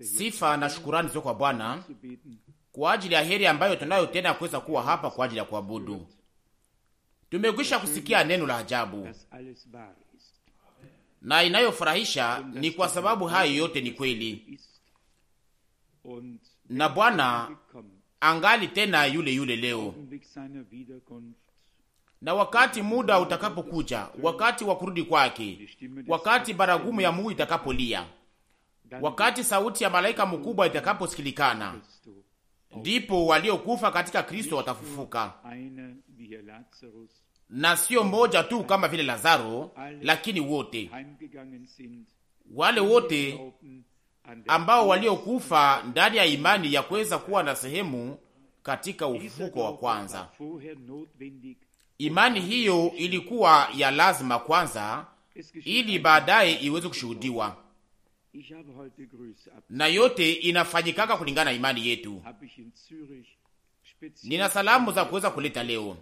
Sifa na shukurani zio kwa Bwana um kwa ajili ya heri ambayo tunayo tena kuweza kuwa hapa kwa ajili ya kuabudu. Tumekwisha kusikia neno la ajabu na inayofurahisha, ni kwa sababu hayo yote ni kweli, na Bwana angali tena yule yule leo na wakati muda utakapokuja, wakati wa kurudi kwake, wakati baragumu ya muu itakapolia, wakati sauti ya malaika mkubwa itakaposikilikana, ndipo waliokufa katika Kristo watafufuka, na sio mmoja tu kama vile Lazaro, lakini wote wale wote ambao waliokufa ndani ya imani ya kuweza kuwa na sehemu katika ufufuko wa kwanza. Imani hiyo ilikuwa ya lazima kwanza, ili baadaye iweze kushuhudiwa, na yote inafanyikaka kulingana na imani yetu. Nina salamu za kuweza kuleta leo.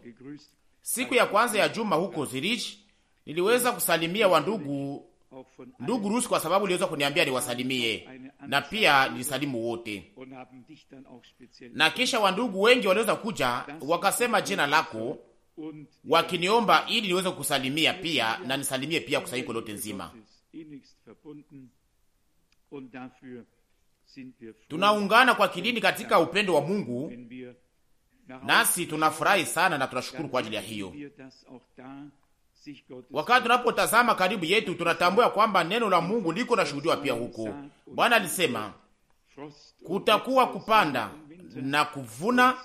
Siku ya kwanza ya juma huko Zurich niliweza kusalimia wandugu ndugu Rusi kwa sababu niliweza kuniambia niwasalimie, na pia nilisalimu wote, na kisha wandugu wengi waliweza kuja wakasema jina lako wakiniomba ili niweze kusalimia pia na nisalimie pia kusanyiko lote nzima. Tunaungana kwa kidini katika upendo wa Mungu, nasi tunafurahi sana na tunashukuru kwa ajili ya hiyo. Wakati tunapotazama karibu yetu, tunatambua kwamba neno la Mungu liko nashuhudiwa pia huko. Bwana alisema kutakuwa kupanda na kuvuna,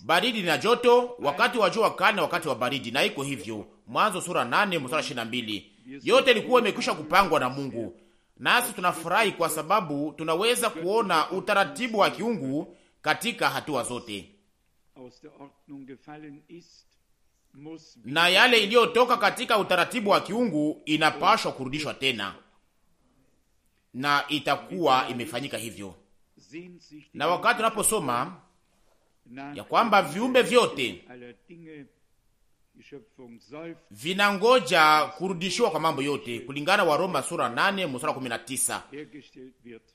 baridi na joto, wakati wa jua kali na wakati wa baridi. Na iko hivyo, Mwanzo sura 8 mstari ishirini Yote ilikuwa imekwisha kupangwa na Mungu, nasi tunafurahi kwa sababu tunaweza kuona utaratibu wa kiungu katika hatua zote, na yale iliyotoka katika utaratibu wa kiungu inapashwa kurudishwa tena, na itakuwa imefanyika hivyo na wakati unaposoma ya kwamba viumbe vyote vinangoja kurudishiwa kwa mambo yote kulingana wa Roma sura 8 mstari 19.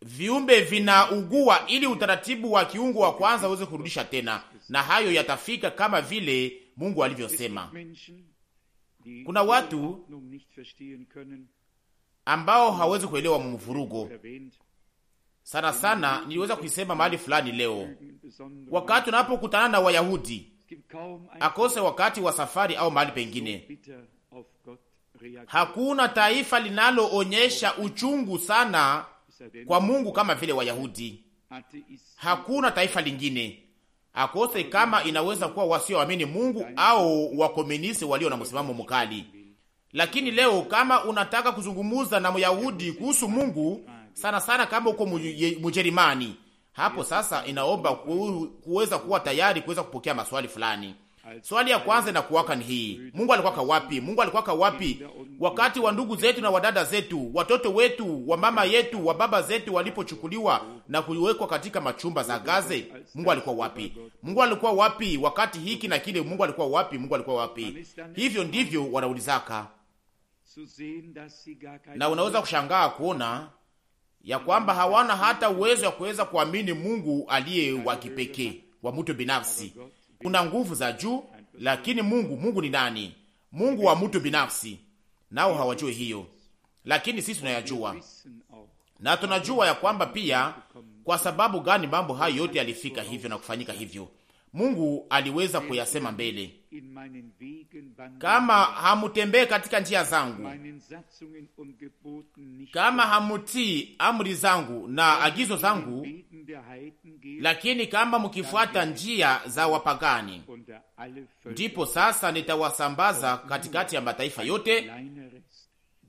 Viumbe vinaugua ili utaratibu wa kiungu wa kwanza uweze kurudisha tena, na hayo yatafika kama vile Mungu alivyosema. Kuna watu ambao hawezi kuelewa mvurugo sana sana, niliweza kuisema mahali fulani leo, wakati unapokutana na Wayahudi akose wakati wa safari au mahali pengine, hakuna taifa linaloonyesha uchungu sana kwa Mungu kama vile Wayahudi. Hakuna taifa lingine akose, kama inaweza kuwa wasioamini Mungu au wakomunisti walio na msimamo mkali. Lakini leo kama unataka kuzungumuza na Myahudi kuhusu Mungu sana sana kama uko Mujerimani hapo sasa, inaomba kuweza kuwa tayari kuweza kupokea maswali fulani. Swali ya kwanza na kuwaka ni hii: Mungu alikuwaka wapi? Mungu alikuwaka wapi wakati wa ndugu zetu na wadada zetu, watoto wetu, wa mama yetu, wa baba zetu walipochukuliwa na kuwekwa katika machumba za gaze? Mungu alikuwa wapi? Mungu alikuwa wapi wakati hiki na kile? Mungu alikuwa wapi? Mungu alikuwa wapi? Hivyo ndivyo wanaulizaka, na unaweza kushangaa kuona ya kwamba hawana hata uwezo wa kuweza kuamini Mungu aliye wa kipekee wa mtu binafsi. Kuna nguvu za juu, lakini Mungu, Mungu ni nani? Mungu wa mtu binafsi, nao hawajui hiyo, lakini sisi tunayajua na tunajua ya kwamba pia, kwa sababu gani mambo hayo yote yalifika hivyo na kufanyika hivyo, Mungu aliweza kuyasema mbele. Kama hamutembee katika njia zangu, kama hamutii amri zangu na agizo zangu, lakini kama mkifuata njia za wapagani, ndipo sasa nitawasambaza katikati ya mataifa yote,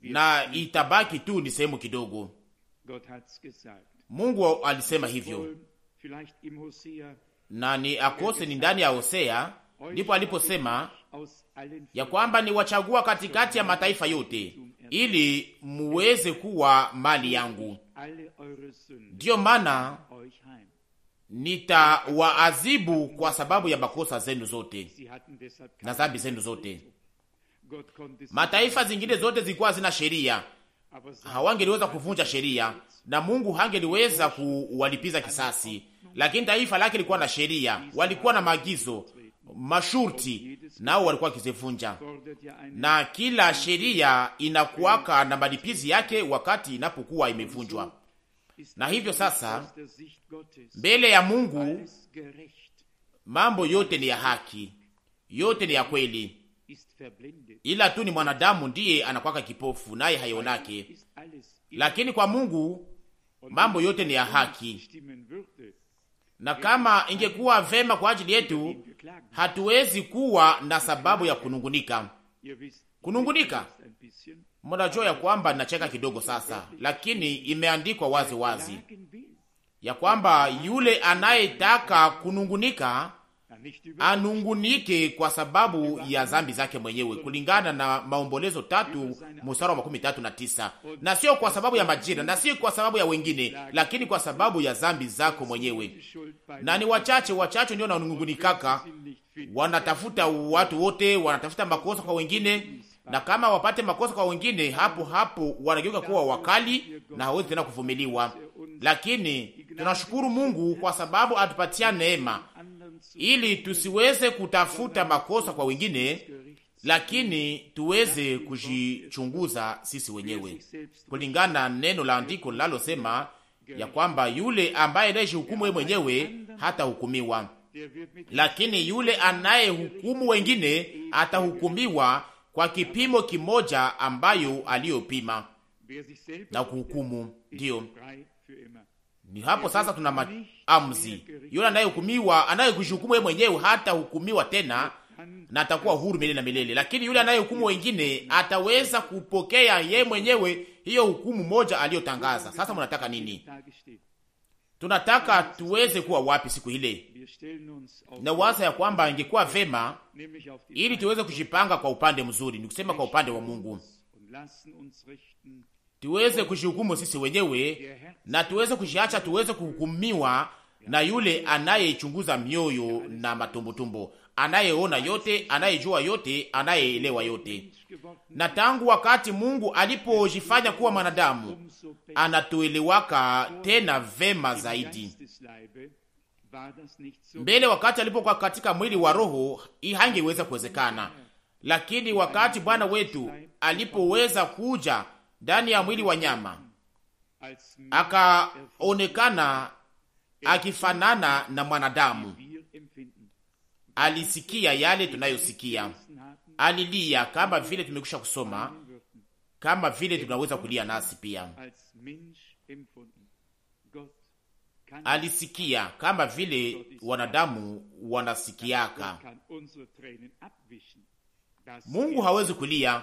na itabaki tu ni sehemu kidogo. Mungu alisema hivyo na ni akose ni ndani ya Hosea ndipo aliposema ya kwamba ni wachagua katikati ya mataifa yote ili muweze kuwa mali yangu, ndiyo maana nitawaadhibu kwa sababu ya makosa zenu zote na dhambi zenu zote. Mataifa zingine zote zilikuwa zina sheria, hawangeliweza kuvunja sheria na Mungu hangeliweza kuwalipiza kisasi, lakini taifa lake lilikuwa na sheria, walikuwa na maagizo, mashurti, nao walikuwa wakizivunja. Na kila sheria inakuwaka na malipizi yake wakati inapokuwa imevunjwa. Na hivyo sasa, mbele ya Mungu mambo yote ni ya haki, yote ni ya kweli ila tu ni mwanadamu ndiye anakwaka kipofu, naye haionake, lakini kwa Mungu mambo yote ni ya haki. Na kama ingekuwa vema kwa ajili yetu, hatuwezi kuwa na sababu ya kunungunika. Kunungunika, mnajua ya kwamba nacheka kidogo sasa, lakini imeandikwa wazi wazi ya kwamba yule anayetaka kunungunika anungunike kwa sababu ya zambi zake mwenyewe, kulingana na Maombolezo tatu mstari wa makumi tatu na tisa na sio kwa sababu ya majina na sio kwa sababu ya wengine, lakini kwa sababu ya zambi zako mwenyewe. Na ni wachache wachache ndio wananungunikaka, wanatafuta watu wote, wanatafuta makosa kwa wengine na kama wapate makosa kwa wengine, hapo hapo wanageuka kuwa wakali na hawezi tena kuvumiliwa. Lakini tunashukuru Mungu kwa sababu atupatia neema ili tusiweze kutafuta makosa kwa wengine, lakini tuweze kujichunguza sisi wenyewe kulingana neno la andiko linalosema ya kwamba yule ambaye anayejihukumu yeye mwenyewe hatahukumiwa, lakini yule anayehukumu wengine atahukumiwa kwa kipimo kimoja ambayo aliyopima na kuhukumu. Ndiyo, ni hapo sasa tuna maamuzi. Yule anayehukumiwa, anayekujihukumu yeye mwenyewe hata hukumiwa tena na atakuwa huru milele na milele, lakini yule anayehukumu wengine ataweza kupokea ye mwenyewe hiyo hukumu moja aliyotangaza. Sasa mnataka nini? Tunataka tuweze kuwa wapi siku ile? Na waza ya kwamba ingekuwa vema, ili tuweze kujipanga kwa upande mzuri, ni kusema kwa upande wa Mungu tuweze kujihukumu sisi wenyewe na tuweze kujiacha, tuweze kuhukumiwa na yule anayechunguza mioyo na matumbutumbo, anayeona yote, anayejua yote, anayeelewa yote. Na tangu wakati Mungu alipojifanya kuwa mwanadamu, anatuelewaka tena vema zaidi. Mbele wakati alipokuwa katika mwili wa roho, hii hangeweza kuwezekana, lakini wakati Bwana wetu alipoweza kuja ndani ya mwili wa nyama, akaonekana akifanana na mwanadamu. Alisikia yale tunayosikia, alilia kama vile tumekwisha kusoma, kama vile tunaweza kulia nasi pia. Alisikia kama vile wanadamu wanasikiaka. Mungu hawezi kulia.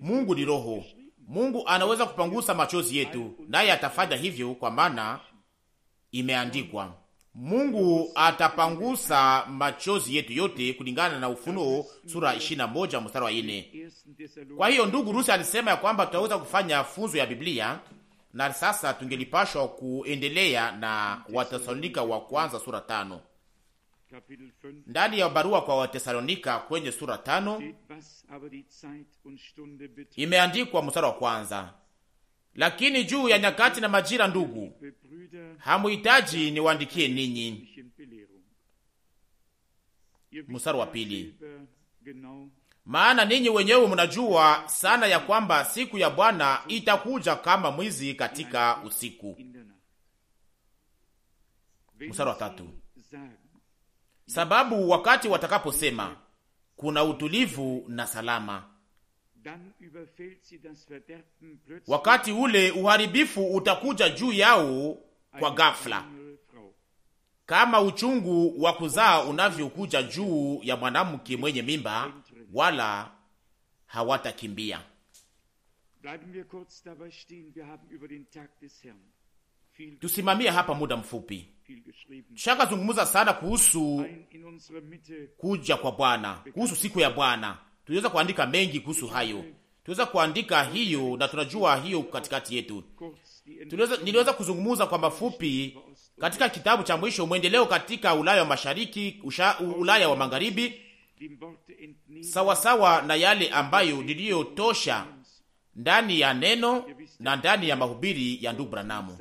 Mungu ni roho, Mungu anaweza kupangusa machozi yetu, naye atafanya hivyo, kwa maana imeandikwa, Mungu atapangusa machozi yetu yote, kulingana na Ufunuo sura 21 mstari wa 4. Kwa hiyo ndugu Rusi alisema ya kwamba tutaweza kufanya funzo ya Biblia, na sasa tungelipashwa kuendelea na Watesalonika wa kwanza sura tano. Ndani ya barua kwa Watesalonika kwenye sura tano imeandikwa mstari wa kwanza, lakini juu ya nyakati na majira, ndugu, hamuhitaji niwaandikie ninyi. Mstari wa pili, maana ninyi wenyewe mnajua sana ya kwamba siku ya Bwana itakuja kama mwizi katika usiku. Mstari wa tatu sababu wakati watakaposema kuna utulivu na salama, wakati ule uharibifu utakuja juu yao kwa ghafla, kama uchungu wa kuzaa unavyokuja juu ya mwanamke mwenye mimba, wala hawatakimbia tusimamie hapa muda mfupi. Tushakazungumza sana kuhusu kuja kwa Bwana, kuhusu siku ya Bwana. Tuliweza kuandika mengi kuhusu hayo, tuliweza kuandika hiyo na tunajua hiyo katikati yetu. Tuliweza, niliweza kuzungumza kwa mafupi katika kitabu cha mwisho, mwendeleo katika Ulaya wa Mashariki, usha, Ulaya wa Magharibi, sawasawa sawa na yale ambayo niliyotosha ndani ya neno na ndani ya mahubiri ya ndugu Branamu.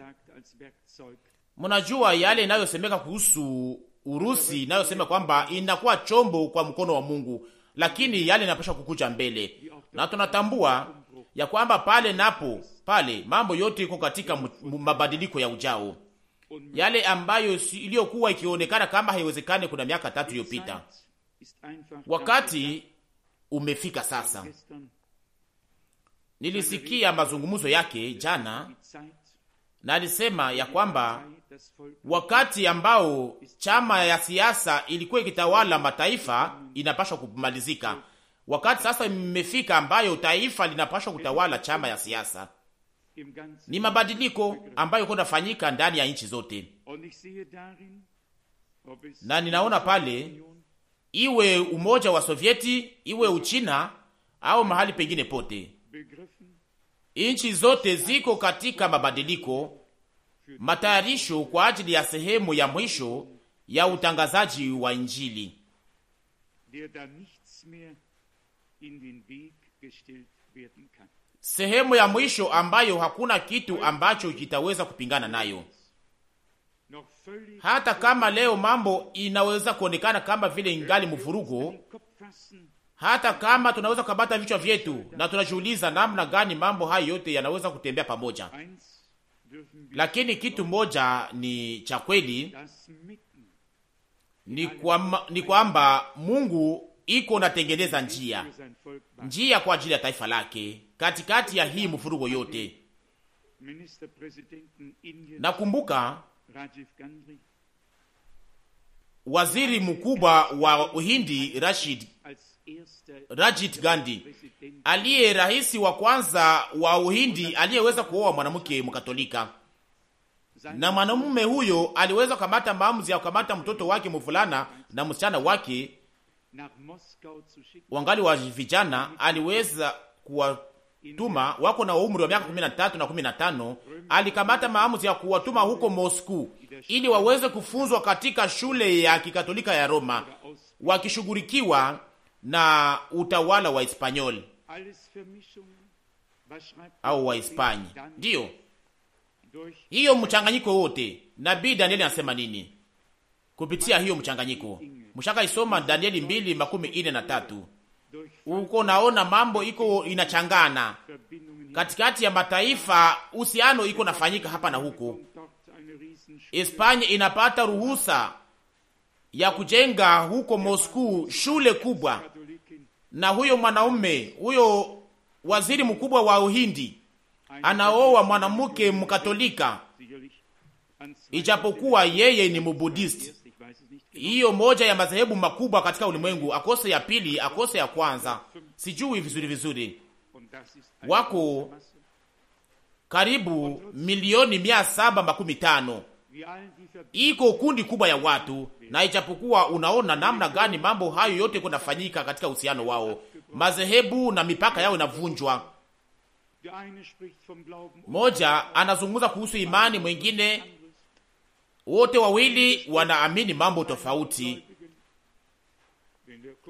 Mnajua yale inayosemeka kuhusu Urusi inayosema kwamba inakuwa chombo kwa mkono wa Mungu, lakini yale inapaswa kukuja mbele, na tunatambua ya kwamba pale napo pale mambo yote iko katika mabadiliko ya ujao, yale ambayo iliyokuwa ikionekana kama haiwezekani kuna miaka tatu iliyopita, wakati umefika sasa. Nilisikia mazungumzo yake jana na alisema ya kwamba wakati ambao chama ya siasa ilikuwa ikitawala mataifa inapashwa kumalizika. Wakati sasa imefika ambayo taifa linapashwa kutawala chama ya siasa. Ni mabadiliko ambayo kunafanyika ndani ya nchi zote, na ninaona pale, iwe umoja wa Sovieti, iwe Uchina au mahali pengine pote, nchi zote ziko katika mabadiliko matayarisho kwa ajili ya sehemu ya mwisho ya utangazaji wa Injili. Sehemu ya mwisho ambayo hakuna kitu ambacho kitaweza kupingana nayo. Hata kama leo mambo inaweza kuonekana kama vile ingali mvurugo, hata kama tunaweza kukabata vichwa vyetu na tunajiuliza namna gani mambo hayo yote yanaweza kutembea pamoja. Lakini kitu moja ni cha kweli, ni kwamba kwa Mungu iko natengeneza njia njia kwa ajili ya taifa lake katikati ya hii mfurugo yote. Nakumbuka waziri mkubwa wa Uhindi Rashid Rajit Gandhi aliye rahisi wa kwanza wa Uhindi aliyeweza kuoa mwanamke Mkatolika, na mwanamume huyo aliweza kukamata maamuzi ya kukamata mtoto wake mvulana na msichana wake wangali wa vijana, aliweza kuwatuma wako na umri wa miaka 13 na 15. Alikamata maamuzi ya kuwatuma huko Moscow ili waweze kufunzwa katika shule ya kikatolika ya Roma wakishughulikiwa na utawala wa Hispanyoli au Wahispania. Ndiyo hiyo mchanganyiko wote, nabii Danieli anasema nini kupitia hiyo mchanganyiko? Mshaka isoma Danieli mbili makumi ine na tatu. Uko naona mambo iko inachangana katikati ya mataifa, uhusiano iko nafanyika hapa na huko. Hispania inapata ruhusa ya kujenga huko Moscow shule kubwa na huyo mwanaume huyo waziri mkubwa wa Uhindi anaoa mwanamke Mkatolika, ijapokuwa yeye ni Mbudisti. Hiyo moja ya madhehebu makubwa katika ulimwengu, akose ya pili, akose ya kwanza, sijui vizuri vizuri. Wako karibu milioni mia saba makumi tano iko kundi kubwa ya watu, na ichapokuwa unaona namna gani mambo hayo yote kunafanyika katika uhusiano wao, madhehebu na mipaka yao inavunjwa. Moja anazungumza kuhusu imani, mwingine wote wawili wanaamini mambo tofauti.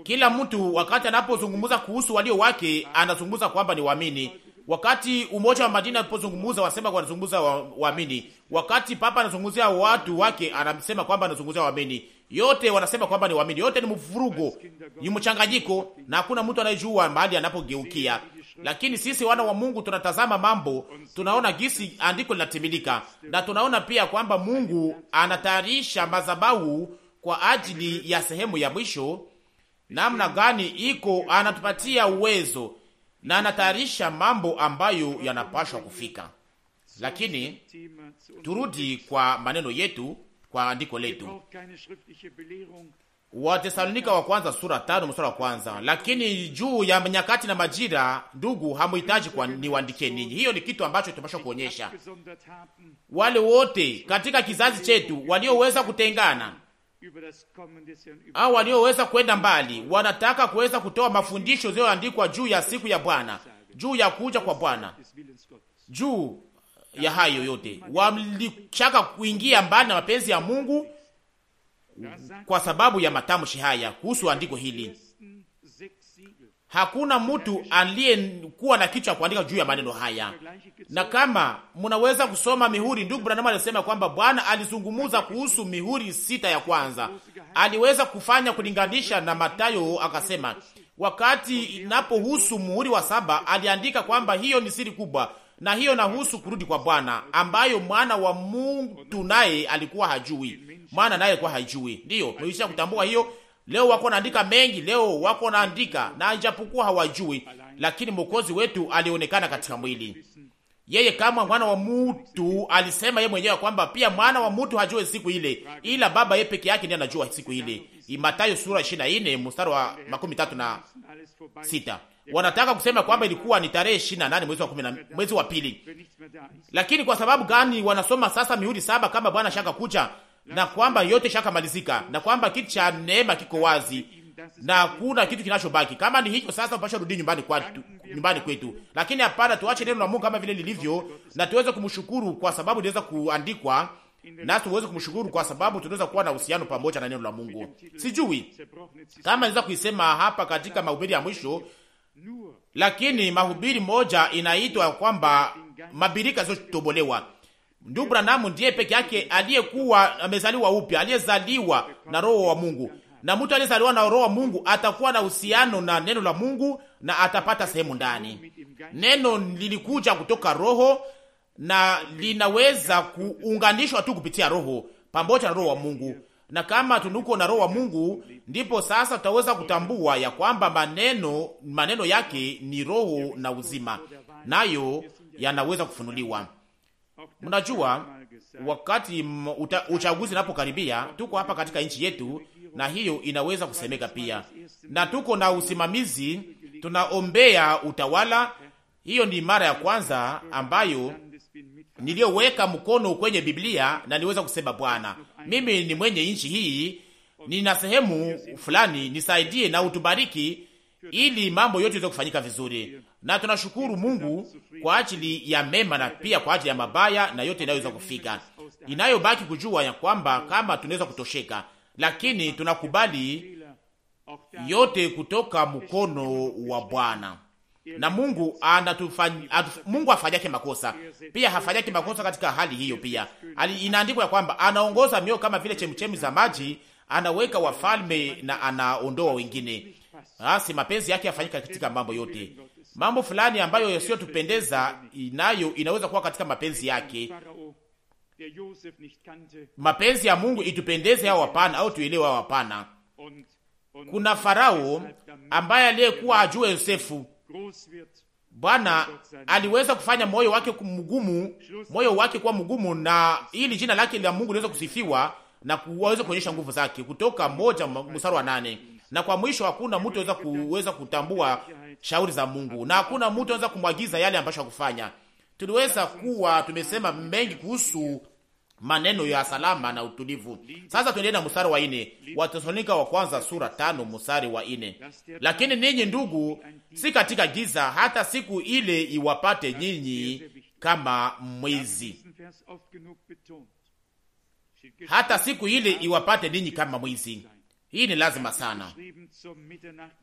Kila mtu wakati anapozungumza kuhusu walio wake anazungumza kwamba ni waamini, Wakati umoja wa madini anapozungumza wasema wanazungumza waamini wa wakati papa anazungumzia watu wake anasema kwamba anazungumzia waamini yote wanasema kwamba ni waamini yote ni mvurugo, ni mchanganyiko na hakuna mtu anayejua mahali anapogeukia. Lakini sisi wana wa Mungu tunatazama mambo, tunaona gisi andiko linatimilika, na tunaona pia kwamba Mungu anatayarisha madhabahu kwa ajili ya sehemu ya mwisho. Namna gani iko anatupatia uwezo na anatayarisha mambo ambayo yanapashwa kufika. Lakini turudi kwa maneno yetu, kwa andiko letu, Watesalonika wa kwanza sura tano mstari wa kwanza. Lakini juu ya nyakati na majira, ndugu, hamuhitaji kwa niwaandikie ninyi. Hiyo ni kitu ambacho tunapaswa kuonyesha wale wote katika kizazi chetu walioweza kutengana au walioweza kwenda mbali wanataka kuweza kutoa mafundisho yaliyoandikwa juu ya siku ya Bwana, juu ya kuja kwa Bwana, juu ya hayo yote. walishaka kuingia mbali na mapenzi ya Mungu kwa sababu ya matamshi haya kuhusu andiko hili. Hakuna mtu aliyekuwa na kichwa kuandika juu ya maneno haya, na kama mnaweza kusoma mihuri, ndugu Branham alisema kwamba Bwana alizungumuza kuhusu mihuri sita ya kwanza. Aliweza kufanya kulinganisha na matayo akasema wakati inapohusu muhuri wa saba aliandika kwamba hiyo ni siri kubwa, na hiyo nahusu kurudi kwa Bwana ambayo mwana wa mtu naye alikuwa hajui, mwana naye alikuwa hajui. Ndiyo, tumeisha kutambua hiyo Leo wako naandika mengi, leo wako naandika na ijapokuwa hawajui, lakini mwokozi wetu alionekana katika mwili. Yeye kama mwana wa mtu alisema yeye mwenyewe kwamba pia mwana wa mtu hajue siku ile, ila baba yeye peke yake ndiye anajua siku ile. Mathayo sura 24 mstari wa makumi tatu na sita. Wanataka kusema kwamba ilikuwa ni tarehe 28 mwezi wa 10 mwezi wa pili. Lakini kwa sababu gani wanasoma sasa mihuri saba kama Bwana shaka kuja? na kwamba yote shakamalizika na kwamba kiti cha neema kiko wazi na kuna kitu kinachobaki. Kama ni hicho sasa, upasha rudi nyumbani kwetu, nyumbani kwetu. Lakini hapana, tuache neno la Mungu kama vile lilivyo, na tuweze kumshukuru kwa sababu iliweza kuandikwa, na tuweze kumshukuru kwa sababu tunaweza kuwa na uhusiano pamoja na neno la Mungu. Sijui kama niweza kuisema hapa katika mahubiri ya mwisho, lakini mahubiri moja inaitwa kwamba mabirika zote zilizotobolewa Ndugu Branham ndiye peke yake aliyekuwa amezaliwa upya, aliyezaliwa na roho wa Mungu, na mtu aliyezaliwa na roho wa Mungu atakuwa na uhusiano na neno la Mungu na atapata sehemu ndani. Neno lilikuja kutoka roho na linaweza kuunganishwa tu kupitia roho pamoja na roho wa Mungu, na kama tunuko na roho wa Mungu, ndipo sasa tutaweza kutambua ya kwamba maneno maneno yake ni roho na uzima, nayo yanaweza kufunuliwa Mnajua wakati uta, uchaguzi unapokaribia, tuko hapa katika nchi yetu, na hiyo inaweza kusemeka pia, na tuko na usimamizi, tunaombea utawala. Hiyo ni mara ya kwanza ambayo niliyoweka mkono kwenye Biblia na niweza kusema Bwana, mimi ni mwenye nchi hii, nina sehemu fulani, nisaidie na utubariki ili mambo yote iweze kufanyika vizuri, na tunashukuru Mungu kwa ajili ya mema na pia kwa ajili ya mabaya na yote inayoweza kufika. Inayobaki kujua ya kwamba kama tunaweza kutosheka, lakini tunakubali yote kutoka mkono wa Bwana na Mungu anatufanya, Mungu afanyake makosa pia hafanyake makosa katika hali hiyo. Pia inaandikwa ya kwamba anaongoza mioyo kama vile chemchemi za maji, anaweka wafalme na anaondoa wengine basi mapenzi yake yafanyika katika mambo yote. Mambo fulani ambayo yasiyotupendeza nayo inaweza kuwa katika mapenzi yake, mapenzi ya Mungu itupendeze au hapana, au tuelewe au hapana. Kuna Farao er ambaye aliyekuwa ajue Yosefu. Bwana aliweza kufanya moyo wake mgumu, moyo wake kuwa mgumu, na ili jina lake la Mungu liweze kusifiwa na kuweza kuonyesha nguvu zake. Kutoka moja mstari wa nane na kwa mwisho hakuna mtu anaweza kuweza kutambua shauri za Mungu, na hakuna mtu anaweza kumwagiza yale ambayo akufanya. Tuliweza kuwa tumesema mengi kuhusu maneno ya salama na utulivu. Sasa tuendelee na mstari wa ine wa wa kwanza sura tano mstari wa ine lakini ninyi ndugu, si katika giza, hata siku ile iwapate nyinyi kama mwizi. Hata siku ile iwapate ninyi kama mwizi. Hii ni lazima sana,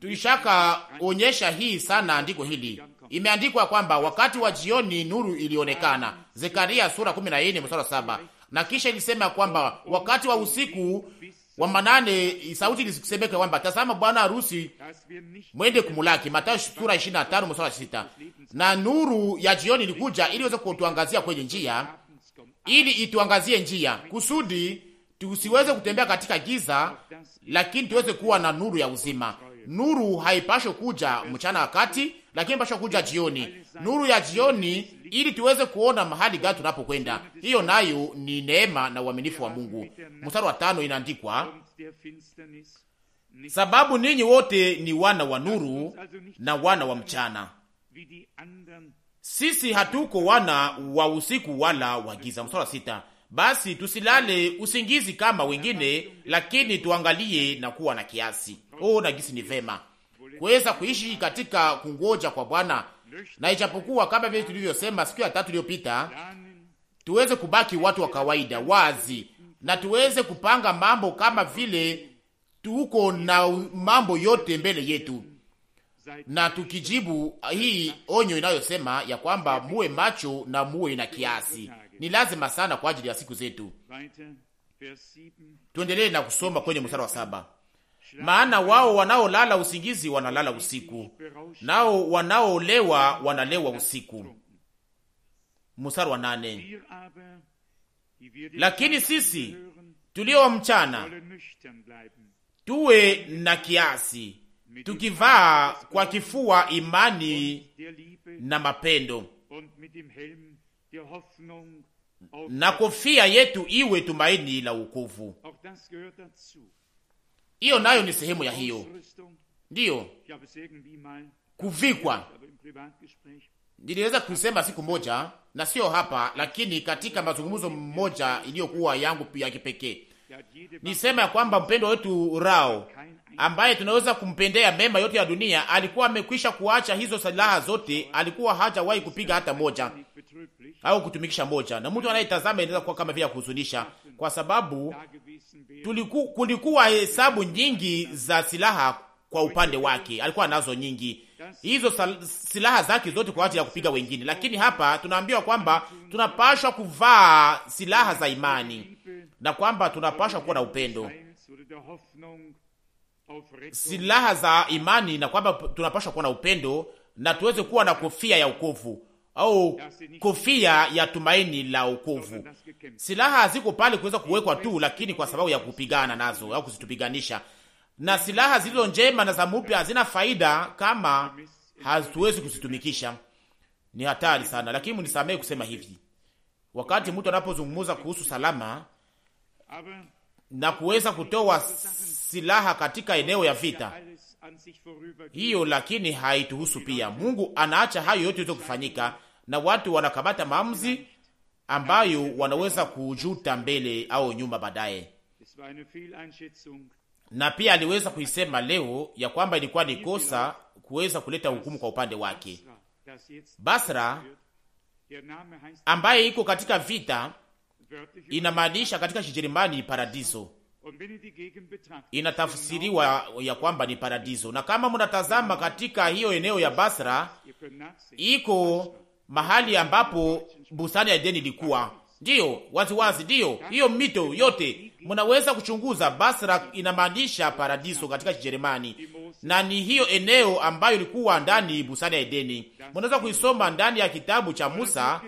tulishaka onyesha hii sana. Andiko hili imeandikwa kwamba wakati wa jioni nuru ilionekana, Zekaria sura 14 mstari saba, na kisha ilisema kwamba wakati wa usiku wa manane sauti ilisemeka kwamba tazama, bwana harusi mwende kumulaki, Mathayo sura 25 mstari Na nuru ya jioni ilikuja ili iweze kutuangazia kwenye njia, ili ituangazie njia kusudi tusiweze kutembea katika giza, lakini tuweze kuwa na nuru ya uzima. Nuru haipashe kuja mchana wakati, lakini pasha kuja jioni, nuru ya jioni, ili tuweze kuona mahali gani tunapokwenda. Hiyo nayo ni neema na uaminifu wa Mungu. Mstari wa tano inaandikwa, sababu ninyi wote ni wana wa nuru na wana wa mchana, sisi hatuko wana wa usiku wala wa giza. Mstari wa sita basi tusilale usingizi kama wengine, lakini tuangalie na kuwa na kiasi. Oh, na gisi ni vema kuweza kuishi katika kungoja kwa Bwana, na ijapokuwa kama vile tulivyosema siku ya tatu iliyopita, tuweze kubaki watu wa kawaida wazi, na tuweze kupanga mambo kama vile tuko na mambo yote mbele yetu, na tukijibu hii onyo inayosema ya kwamba muwe macho na muwe na kiasi ni lazima sana kwa ajili ya siku zetu. Tuendelee na kusoma kwenye mstari wa saba. Maana wao wanaolala usingizi wanalala usiku, nao wanaolewa wanalewa usiku. Mstari wa nane. Lakini sisi tulio mchana tuwe na kiasi, tukivaa kwa kifua imani na mapendo, na kofia yetu iwe tumaini la wokovu. Hiyo nayo ni sehemu ya hiyo, ndiyo kuvikwa. Niliweza kusema siku moja, na sio hapa, lakini katika mazungumzo mmoja iliyokuwa yangu ya kipekee, nisema ya kwamba mpendwa wetu Rao ambaye tunaweza kumpendea mema yote ya dunia alikuwa amekwisha kuacha hizo silaha zote, alikuwa hajawahi kupiga hata moja au kutumikisha moja, na mtu anayetazama inaweza kuwa kama vile ya kuhuzunisha, kwa sababu tuliku, kulikuwa hesabu nyingi za silaha kwa upande wake, alikuwa nazo nyingi hizo silaha zake zote kwa ajili ya kupiga wengine, lakini hapa tunaambiwa kwamba tunapashwa kuvaa silaha za imani na kwamba tunapashwa kuwa na upendo, silaha za imani, na kwamba tunapashwa kuwa na upendo na tuweze kuwa na kofia ya ukovu au kofia ya tumaini la ukovu. Silaha ziko pale kuweza kuwekwa tu, lakini kwa sababu ya kupigana nazo au kuzitupiganisha. Na silaha zilizo njema na za mupya hazina faida kama hatuwezi kuzitumikisha. Ni hatari sana, lakini mnisamehe kusema hivi, wakati mtu anapozungumza kuhusu salama na kuweza kutoa silaha katika eneo ya vita hiyo, lakini haituhusu pia. Mungu anaacha hayo yote yote kufanyika na watu wanakamata maamuzi ambayo wanaweza kujuta mbele au nyuma baadaye. Na pia aliweza kuisema leo ya kwamba ilikuwa ni kosa kuweza kuleta hukumu kwa upande wake. Basra ambaye iko katika vita inamaanisha katika Kijerumani paradiso, inatafsiriwa ya kwamba ni paradiso. Na kama mnatazama katika hiyo eneo ya Basra iko mahali ambapo bustani ya Edeni ilikuwa. Ndiyo, waziwazi, ndiyo, hiyo mito yote mnaweza kuchunguza. Basra inamaanisha paradiso katika Kijerumani, na ni hiyo eneo ambayo ilikuwa ndani bustani ya Edeni. Mnaweza kuisoma ndani ya kitabu cha Musa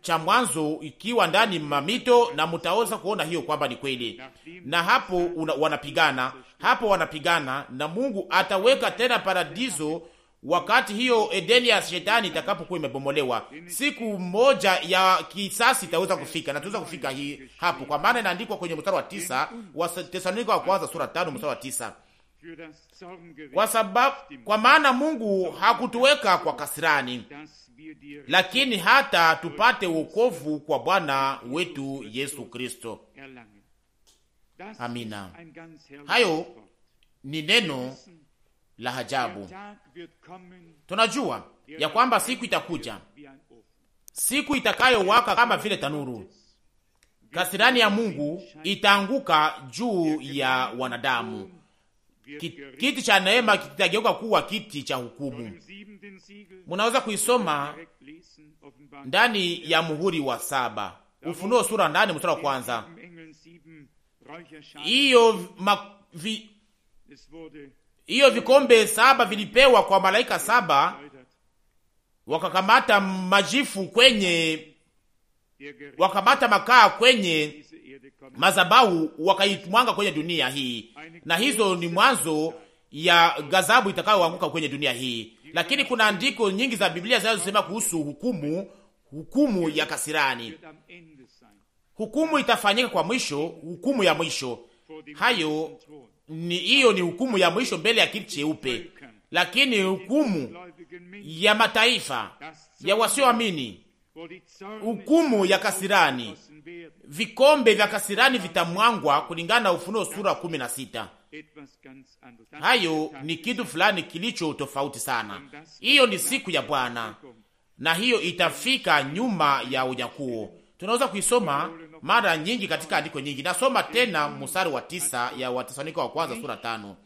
cha Mwanzo, ikiwa ndani mamito, na mtaweza kuona hiyo kwamba ni kweli. Na hapo una, wanapigana hapo, wanapigana na Mungu ataweka tena paradiso wakati hiyo Edeni ya shetani itakapokuwa imebomolewa, siku moja ya kisasi itaweza kufika na tuweza kufika hii hapo, kwa maana inaandikwa kwenye mstari wa tisa wa Tesalonika wa kwanza sura tano mstari wa tisa kwa sababu, kwa maana Mungu hakutuweka kwa kasirani, lakini hata tupate wokovu kwa Bwana wetu Yesu Kristo. Amina. Hayo ni neno la ajabu. Tunajua ya kwamba siku itakuja, siku itakayowaka kama vile tanuru. Kasirani ya Mungu itaanguka juu ya wanadamu, kiti cha neema kitageuka kuwa kiti cha hukumu. Munaweza kuisoma ndani ya muhuri wa saba, Ufunuo sura ndani mstari wa kwanza. Hiyo hiyo vikombe saba vilipewa kwa malaika saba, wakakamata majifu kwenye, wakamata makaa kwenye mazabau, wakaimwanga kwenye dunia hii, na hizo ni mwanzo ya ghadhabu itakayoanguka kwenye dunia hii. Lakini kuna andiko nyingi za Biblia zinazosema kuhusu hukumu, hukumu ya kasirani. Hukumu itafanyika kwa mwisho, hukumu ya mwisho. Hayo hiyo ni hukumu ya mwisho mbele ya kiti cheupe, lakini hukumu ya mataifa ya wasioamini, hukumu ya kasirani, vikombe vya kasirani vitamwangwa, kulingana na Ufunuo sura kumi na sita. Hayo ni kitu fulani kilicho tofauti sana. Hiyo ni siku ya Bwana na hiyo itafika nyuma ya unyakuo tunaweza kuisoma mara nyingi katika andiko nyingi. Nasoma tena mstari wa tisa ya Watesalonika wa kwanza sura tano: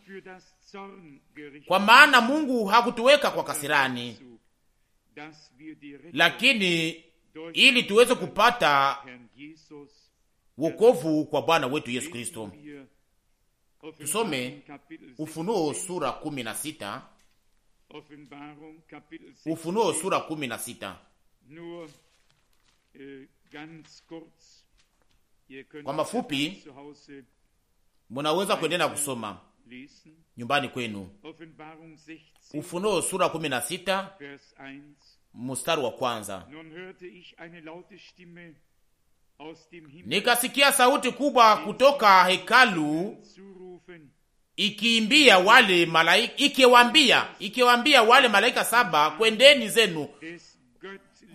kwa maana Mungu hakutuweka kwa kasirani, lakini ili tuweze kupata wokovu kwa Bwana wetu Yesu Kristo. Tusome Ufunuo sura kumi na sita. Ufunuo sura kumi na sita. Äh, kwa mafupi, munaweza kuendelea kusoma nyumbani kwenu. Ufunuo sura 16 mstari wa kwanza. Nikasikia sauti kubwa kutoka hekalu ikiimbia wale malaika, ikiwambia ikiwambia wale malaika saba, kwendeni zenu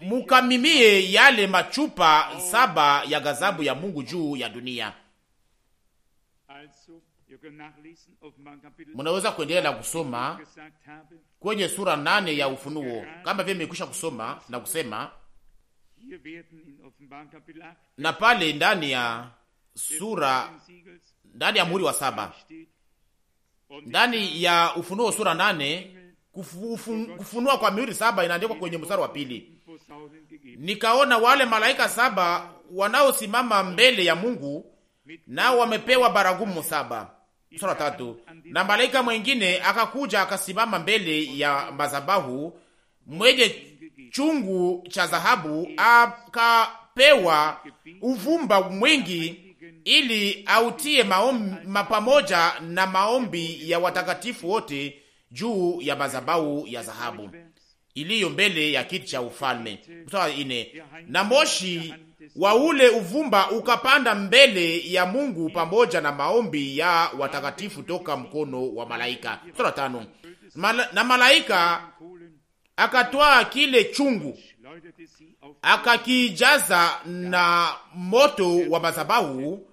mukamimie yale machupa saba ya gazabu ya Mungu juu ya dunia. Munaweza kuendelea na kusoma kwenye sura nane ya Ufunuo kama vile nimekwisha kusoma na kusema, na pale ndani ya sura ndani ya muhuri wa saba ndani ya Ufunuo sura nane kufu, kufunua kwa miuri saba inaandikwa kwenye mstari wa pili nikaona wale malaika saba wanaosimama mbele ya Mungu, nao wamepewa baragumu saba. Sura tatu. Na malaika mwengine akakuja akasimama mbele ya mazabahu mwenye chungu cha dhahabu, akapewa uvumba mwingi ili autie maombi pamoja na maombi ya watakatifu wote juu ya mazabahu ya dhahabu iliyo mbele ya kiti cha ufalme. Ine, na moshi wa ule uvumba ukapanda mbele ya Mungu pamoja na maombi ya watakatifu toka mkono wa malaika. Tano. Mal na malaika akatwaa kile chungu akakijaza na moto wa mazabahu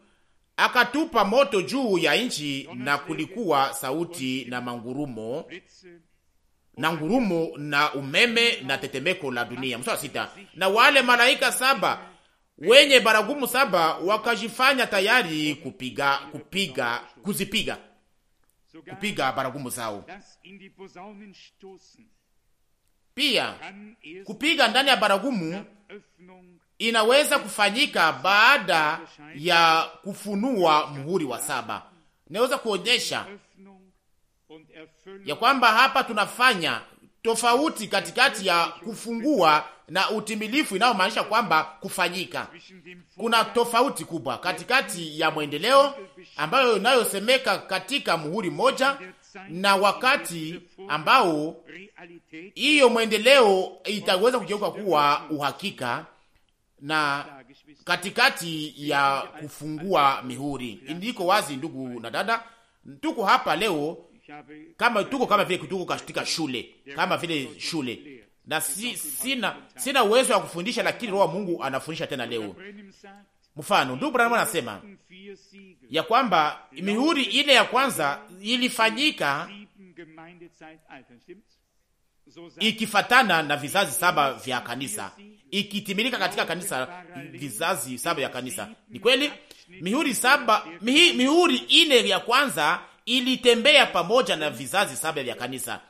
akatupa moto juu ya nchi, na kulikuwa sauti na mangurumo na ngurumo na umeme na tetemeko la dunia. Mstari sita, na wale malaika saba wenye baragumu saba wakajifanya tayari kupiga kupiga kuzipiga kupiga baragumu zao. Pia kupiga ndani ya baragumu inaweza kufanyika baada ya kufunua muhuri wa saba, naweza kuonyesha ya kwamba hapa tunafanya tofauti katikati ya kufungua na utimilifu, inayomaanisha kwamba kufanyika. Kuna tofauti kubwa katikati ya mwendeleo ambayo inayosemeka katika muhuri mmoja na wakati ambao hiyo mwendeleo itaweza kugeuka kuwa uhakika, na katikati ya kufungua mihuri. Ndiko wazi, ndugu na dada, tuko hapa leo kama tuko kama vile tuko katika shule, kama vile shule na si, sina sina uwezo wa kufundisha, lakini roho wa Mungu anafundisha tena leo. Mfano, ndugu Branham anasema ya kwamba mihuri ile ya kwanza ilifanyika ikifatana na vizazi saba vya kanisa, ikitimilika katika kanisa, vizazi saba vya kanisa. Ni kweli mihuri saba, mihuri ile ya kwanza ilitembea pamoja na vizazi saba vya kanisa.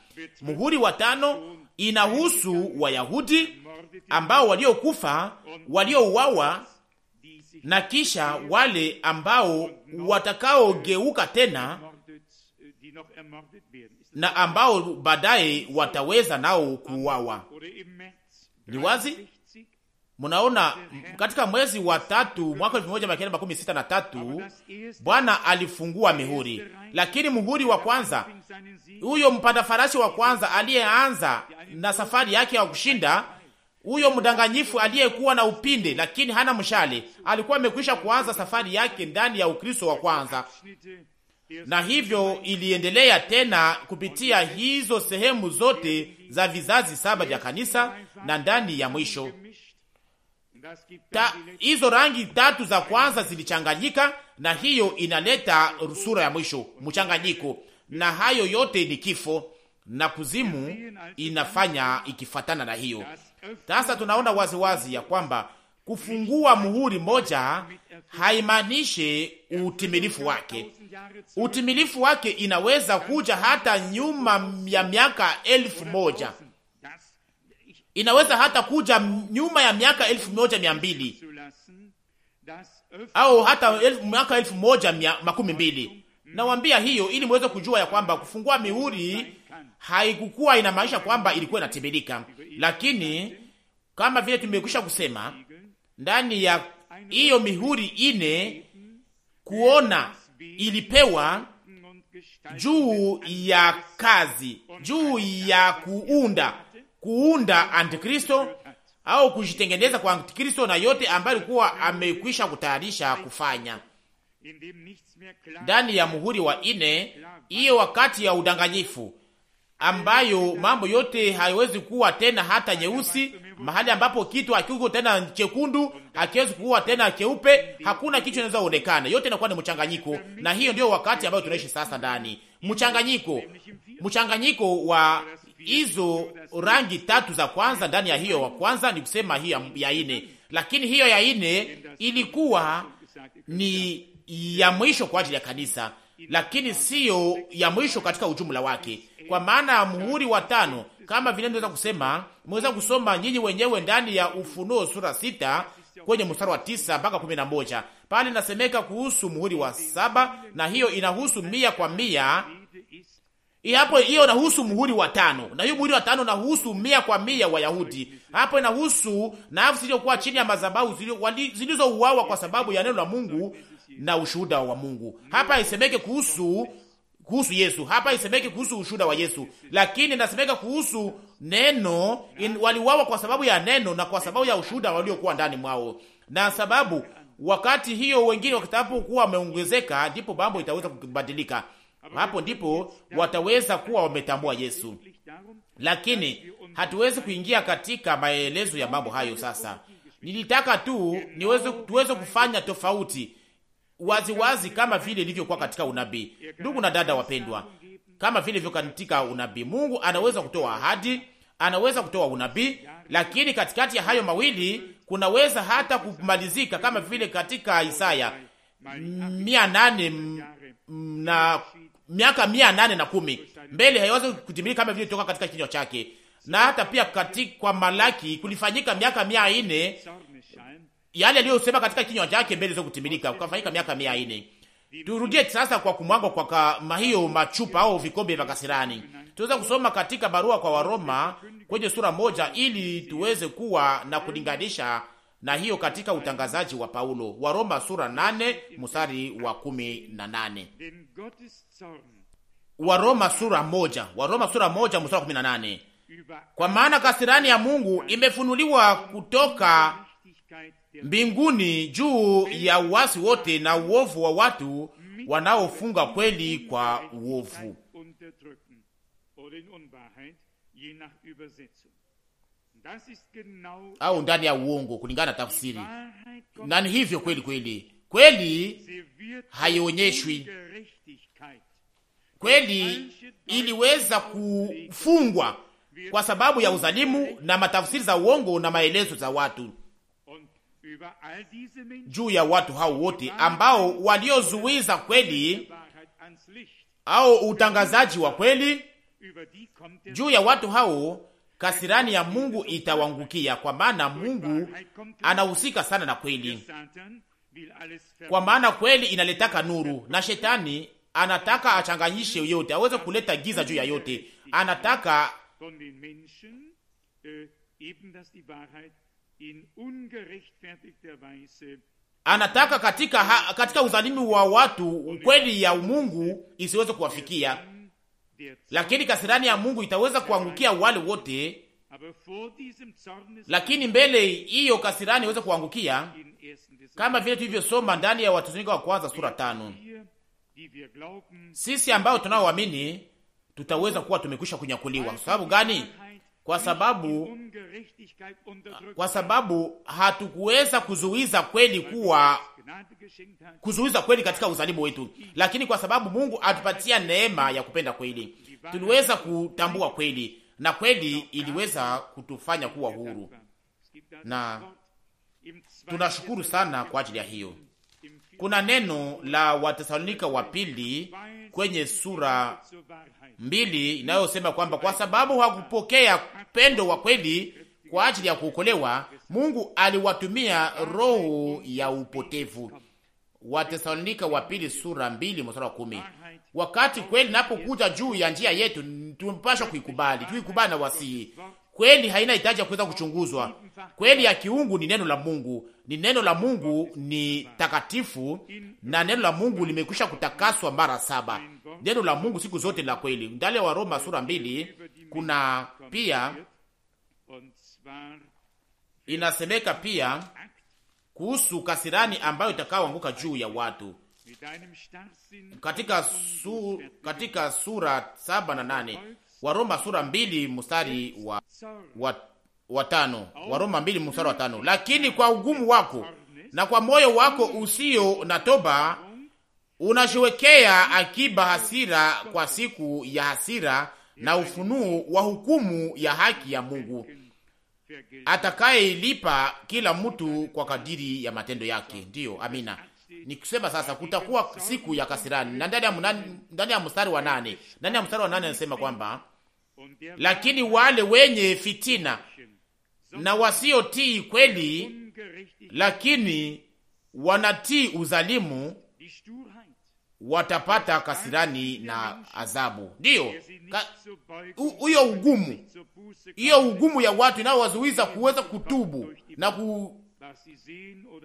Muhuri wa tano inahusu Wayahudi ambao waliokufa, waliouawa na kisha wale ambao watakaogeuka tena na ambao baadaye wataweza nao kuuawa. Ni wazi Munaona, katika mwezi wa tatu mwaka elfu moja mia kenda makumi sita na tatu Bwana alifungua mihuri, lakini muhuri wa kwanza, huyo mpanda farasi wa kwanza aliyeanza na safari yake ya kushinda, huyo mdanganyifu aliyekuwa na upinde lakini hana mshale, alikuwa amekwisha kuanza safari yake ndani ya Ukristo wa kwanza, na hivyo iliendelea tena kupitia hizo sehemu zote za vizazi saba vya kanisa na ndani ya mwisho hizo rangi tatu za kwanza zilichanganyika, na hiyo inaleta sura ya mwisho mchanganyiko, na hayo yote ni kifo na kuzimu inafanya ikifatana na hiyo. Sasa tunaona waziwazi wazi ya kwamba kufungua muhuri moja haimaanishi utimilifu wake. Utimilifu wake inaweza kuja hata nyuma ya miaka elfu moja inaweza hata kuja nyuma ya miaka elfu moja mia mbili au hata elfu, miaka elfu moja mia, makumi mbili. Nawambia hiyo ili mweze kujua ya kwamba kufungua mihuri haikukuwa inamaanisha kwamba ilikuwa inatibilika, lakini kama vile tumekwisha kusema ndani ya hiyo mihuri ine kuona ilipewa juu ya kazi, juu ya kuunda kuunda antikristo au kujitengeneza kwa antikristo na yote ambayo alikuwa amekwisha kutayarisha kufanya ndani ya muhuri wa ine, hiyo wakati ya udanganyifu ambayo mambo yote haiwezi kuwa tena hata nyeusi, mahali ambapo kitu hakiko tena chekundu, hakiwezi kuwa tena cheupe, hakuna kitu kinaweza kuonekana, yote inakuwa ni mchanganyiko. Na hiyo ndio wakati ambayo tunaishi sasa ndani, mchanganyiko, mchanganyiko wa hizo rangi tatu za kwanza ndani ya hiyo wa kwanza ni kusema hiyo ya ine, lakini hiyo ya ine ilikuwa ni ya mwisho kwa ajili ya kanisa, lakini siyo ya mwisho katika ujumla wake, kwa maana ya muhuri wa tano, kama vile niweza kusema, mweza kusoma nyinyi wenyewe ndani ya Ufunuo sura sita kwenye mstari wa tisa mpaka kumi na moja pale nasemeka kuhusu muhuri wa saba, na hiyo inahusu mia kwa mia hapo hiyo inahusu muhuri wa tano, na hiyo muhuri wa tano inahusu mia kwa mia Wayahudi. Hapo inahusu nafsi zilizokuwa chini ya madhabahu zilizouawa kwa sababu ya neno la Mungu na ushuhuda wa Mungu. Hapa isemeke kuhusu kuhusu Yesu, hapa isemeke kuhusu ushuhuda wa Yesu, lakini nasemeka kuhusu neno. Waliuawa kwa sababu ya neno na kwa sababu ya ushuhuda waliokuwa ndani mwao, na sababu wakati hiyo wengine wakitapokuwa wameongezeka, ndipo mambo itaweza kubadilika hapo ndipo wataweza kuwa wametambua Yesu. Lakini hatuwezi kuingia katika maelezo ya mambo hayo sasa. Nilitaka tu niweze tuweze kufanya tofauti waziwazi wazi, kama vile ilivyokuwa katika unabii. Ndugu na dada wapendwa, kama vile ilivyo katika unabii, Mungu anaweza kutoa ahadi, anaweza kutoa unabii, lakini katikati ya hayo mawili kunaweza hata kumalizika, kama vile katika Isaya mia nane na miaka mia nane na kumi mbele haiwezi kutimilika kama vile toka katika kinywa chake, na hata pia katika kwa Malaki kulifanyika miaka mia nne yale aliyosema katika kinywa chake mbele za kutimilika, kufanyika miaka mia nne. Turudie sasa kwa kumwangwa kwa kama hiyo machupa au vikombe vya kasirani. Tuweza kusoma katika barua kwa Waroma kwenye sura moja, ili tuweze kuwa na kulinganisha na hiyo katika utangazaji wa Paulo wa Roma sura nane mstari wa kumi na nane wa Roma sura moja wa Roma sura moja mstari wa kumi na nane kwa maana kasirani ya Mungu imefunuliwa kutoka mbinguni juu ya uasi wote na uovu wa watu wanaofunga kweli kwa uovu au ndani ya uongo kulingana na tafsiri. Na ni hivyo kweli kweli, kweli haionyeshwi kweli iliweza kufungwa kwa sababu ya uzalimu na matafsiri za uongo na maelezo za watu juu ya watu hao wote ambao waliozuiza kweli au utangazaji wa kweli. Juu ya watu hao kasirani ya Mungu itawangukia, kwa maana Mungu anahusika sana na kweli, kwa maana kweli inaletaka nuru na shetani anataka achanganyishe yote, aweze kuleta giza juu ya yote. Anataka anataka katika, ha, katika uzalimi wa watu kweli ya Mungu isiweze kuwafikia lakini kasirani ya Mungu itaweza kuangukia wale wote, lakini mbele hiyo kasirani iweze kuangukia, kama vile tulivyosoma ndani ya watuzinika wa kwanza sura tano, sisi ambao tunaoamini tutaweza kuwa tumekwisha kunyakuliwa. Sababu gani? kwa sababu kwa sababu hatukuweza kuzuiza kweli kuwa kuzuiza kweli katika uzalimu wetu, lakini kwa sababu Mungu atupatia neema ya kupenda kweli, tuliweza kutambua kweli na kweli iliweza kutufanya kuwa huru, na tunashukuru sana kwa ajili ya hiyo. Kuna neno la Watesalonika wa pili kwenye sura mbili inayosema kwamba kwa sababu hakupokea pendo wa kweli kwa ajili ya kuokolewa, Mungu aliwatumia roho ya upotevu. Watesalonika wa pili sura mbili mstari wa kumi. Wakati kweli napokuja juu ya njia yetu, tumepashwa kuikubali, tuikubali na wasii. Kweli haina hitaji ya kuweza kuchunguzwa. Kweli ya kiungu ni neno la Mungu ni neno la Mungu ni takatifu, na neno la Mungu limekwisha kutakaswa mara saba. Neno la Mungu siku zote la kweli. Ndani ya Waroma sura mbili kuna pia inasemeka pia kuhusu kasirani ambayo itakaoanguka juu ya watu katika, su, katika sura saba na nane Waroma sura mbili mstari wa, wa wa tano, oh. wa Roma mbili mstari wa tano. Lakini kwa ugumu wako na kwa moyo wako usio na toba unajiwekea akiba hasira kwa siku ya hasira na ufunuo wa hukumu ya haki ya Mungu atakayelipa kila mtu kwa kadiri ya matendo yake. Ndiyo, amina. Ni kusema sasa, kutakuwa siku ya kasirani, na ndani ya mstari wa nane, ndani ya mstari wa nane anasema kwamba, lakini wale wenye fitina na wasiotii kweli, lakini wanatii uzalimu watapata kasirani na adhabu. Ndiyo huyo ugumu, hiyo ugumu ya watu inayowazuiza kuweza kutubu na ku,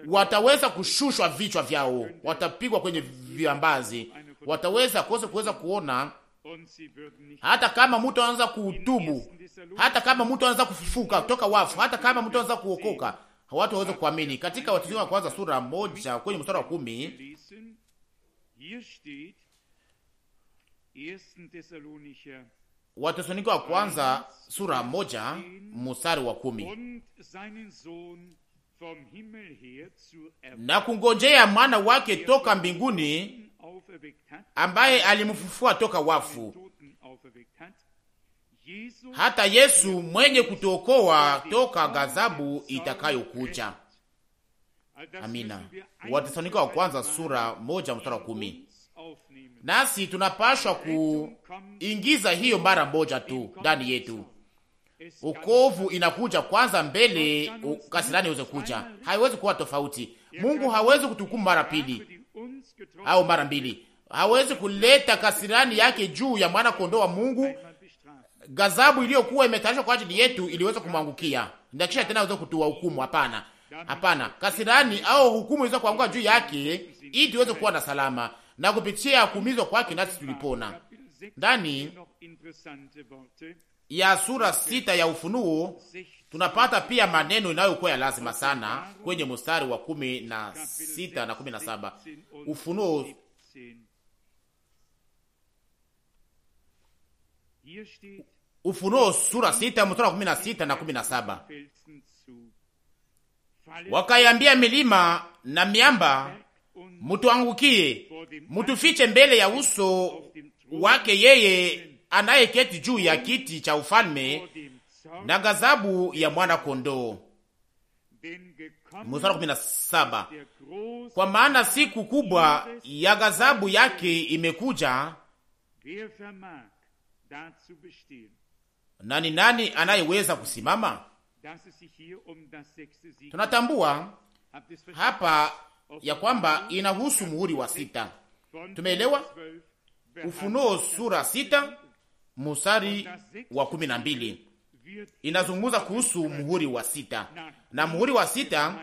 wataweza kushushwa vichwa vyao, watapigwa kwenye viambazi, wataweza kuweza kuona hata kama mtu anaanza kutubu hata kama mtu anaweza kufufuka toka wafu, hata kama mtu anaweza kuokoka, watu waweze kuamini. Katika Wathesalonike wa kwanza sura moja kwenye mstari wa kumi Wathesalonike wa kwanza sura moja mstari wa kumi na kungonjea mwana wake toka mbinguni ambaye alimfufua toka wafu hata Yesu mwenye kutuokoa toka ghadhabu itakayokuja. Amina. Wathesalonike wa kwanza sura moja mstari wa kumi. Nasi tunapashwa kuingiza hiyo mara moja tu ndani yetu. Ukovu inakuja kwanza mbele kasirani iweze kuja, haiwezi kuwa tofauti. Mungu hawezi kutukumu mara pili au mara mbili, hawezi kuleta kasirani yake juu ya mwana kondoo wa Mungu gazabu iliyokuwa imetayarishwa kwa ajili yetu iliweza kumwangukia na kisha tena aweze kutua hukumu. Hapana, hapana, kasirani au hukumu iliweza kuanguka juu yake ili tuweze kuwa na salama, na kupitia kuumizwa kwake nasi tulipona. Ndani ya sura sita ya Ufunuo tunapata pia maneno inayokuwa ya lazima sana kwenye mstari wa kumi na sita na kumi na saba Ufunuo Ufunuo sura sita mstari wa kumi na sita na kumi na saba wakaiambia milima na miamba, mutuangukie, mutufiche mbele ya uso wake yeye anayeketi juu ya kiti cha ufalme na gazabu ya mwana kondoo. Mstari kumi na saba kwa maana siku kubwa ya gazabu yake imekuja, na ni nani anayeweza kusimama? Um Tunatambua hapa ya kwamba inahusu muhuri wa sita. Tumeelewa Ufunuo sura sita musari wa kumi na mbili inazungumza kuhusu muhuri wa sita, na muhuri wa sita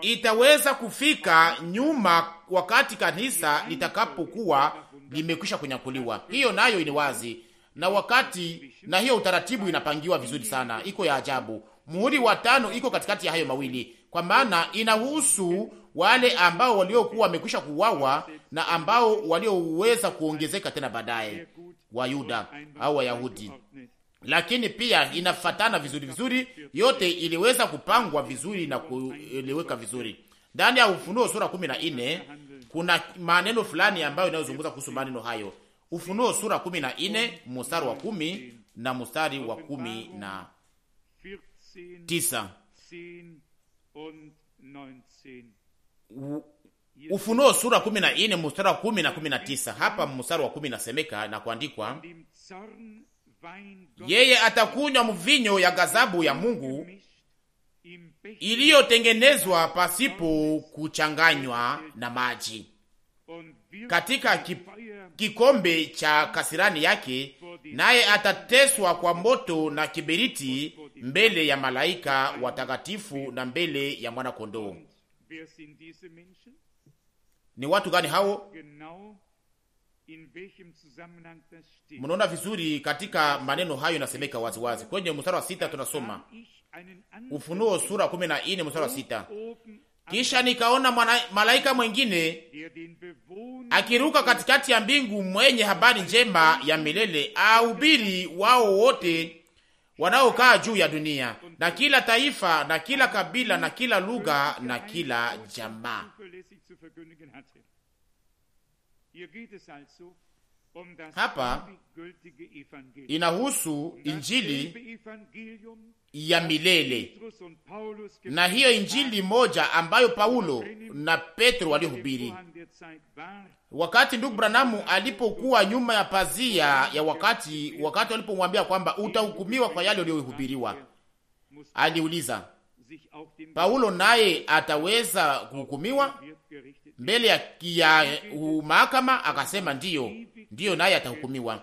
itaweza kufika nyuma wakati kanisa litakapokuwa limekwisha kunyakuliwa. Hiyo nayo ni wazi na wakati na hiyo utaratibu inapangiwa vizuri sana, iko ya ajabu. Muhuri wa tano iko katikati ya hayo mawili, kwa maana inahusu wale ambao waliokuwa wamekwisha kuwawa na ambao walioweza kuongezeka tena baadaye, Wayuda au Wayahudi, lakini pia inafatana vizuri vizuri. Yote iliweza kupangwa vizuri na kueleweka vizuri ndani ya Ufunuo sura kumi na nne. Kuna maneno fulani ambayo inayozungumza kuhusu maneno hayo Ufunuo sura kumi na ine mstari wa kumi na mstari wa kumi na tisa. Ufunuo sura kumi na ine mstari wa kumi na kumi na tisa. Hapa mstari wa kumi nasemeka na kuandikwa, yeye atakunywa mvinyo ya gazabu ya Mungu iliyotengenezwa pasipo kuchanganywa na maji katika kip kikombe cha kasirani yake, naye atateswa kwa moto na kiberiti mbele ya malaika watakatifu na mbele ya mwana kondoo. Ni watu gani hao? Mnaona vizuri katika maneno hayo, inasemeka waziwazi kwenye mstari wa sita. Tunasoma Ufunuo sura kumi na nne mstari wa sita. Kisha nikaona mwana, malaika mwengine akiruka katikati ya mbingu, mwenye habari njema ya milele, ahubiri wao wote wanaokaa juu ya dunia, na kila taifa na kila kabila na kila lugha na kila jamaa. Hapa inahusu Injili ya milele, na hiyo injili moja ambayo Paulo na Petro walihubiri wakati ndugu Branamu alipokuwa nyuma ya pazia ya wakati, wakati walipomwambia kwamba utahukumiwa kwa yale uliyohubiriwa, aliuliza Paulo naye ataweza kuhukumiwa mbele ya, ya mahakama? Akasema ndiyo, ndiyo, naye atahukumiwa.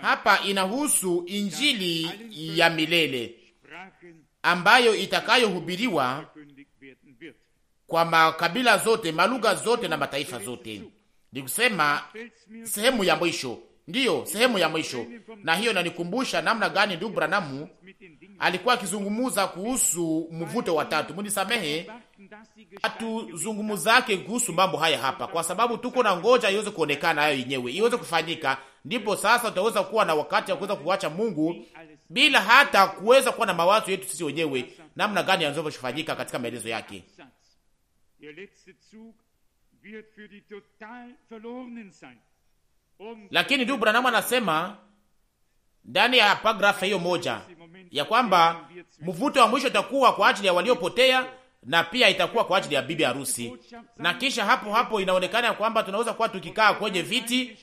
Hapa inahusu injili ya milele ambayo itakayohubiriwa kwa makabila zote, malugha zote na mataifa zote. Nikusema sehemu ya mwisho, ndiyo sehemu ya mwisho. Na hiyo inanikumbusha namna gani ndugu Branamu alikuwa akizungumuza kuhusu mvuto wa tatu. Munisamehe hatuzungumuzake kuhusu mambo haya hapa, kwa sababu tuko na ngoja iweze kuonekana hayo yenyewe iweze kufanyika, ndipo sasa tutaweza kuwa na wakati wa kuweza kuwacha Mungu bila hata kuweza kuwa na mawazo yetu sisi wenyewe, namna gani yanavyofanyika katika maelezo yake. Um Lakini ndugu Branham anasema ndani ya paragrafu hiyo moja ya kwamba mvuto wa mwisho utakuwa kwa ajili ya waliopotea na pia itakuwa kwa ajili ya bibi harusi. Na kisha hapo hapo inaonekana kwamba tunaweza kuwa tukikaa kwenye viti,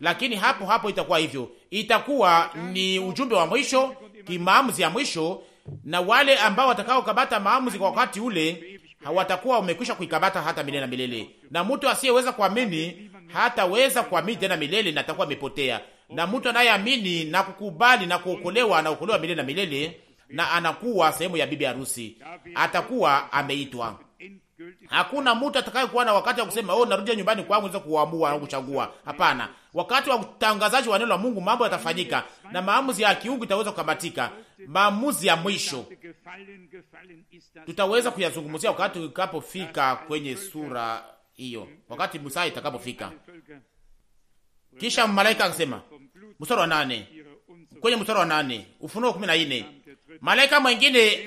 lakini hapo hapo itakuwa hivyo. Itakuwa ni ujumbe wa mwisho, kimaamuzi ya mwisho, na wale ambao watakaokabata maamuzi kwa wakati ule hawatakuwa wamekwisha kuikabata hata milele na milele, na mtu asiyeweza kuamini hataweza kuamini tena milele, na atakuwa amepotea. Na mtu anayeamini na kukubali na kuokolewa anaokolewa milele na milele na anakuwa sehemu ya bibi harusi, atakuwa ameitwa. Hakuna mtu atakayekuwa na wakati wa kusema oh, narudia nyumbani kwangu niweze kuamua au kuchagua. Hapana, wakati wa utangazaji wa neno la Mungu mambo yatafanyika na maamuzi ya kiungu itaweza kukamatika. Maamuzi ya mwisho tutaweza kuyazungumzia wakati ukapofika kwenye sura hiyo, wakati Musa itakapofika. Kisha malaika akasema, mstari wa nane, kwenye mstari wa nane, Ufunuo kumi na nne Malaika mwengine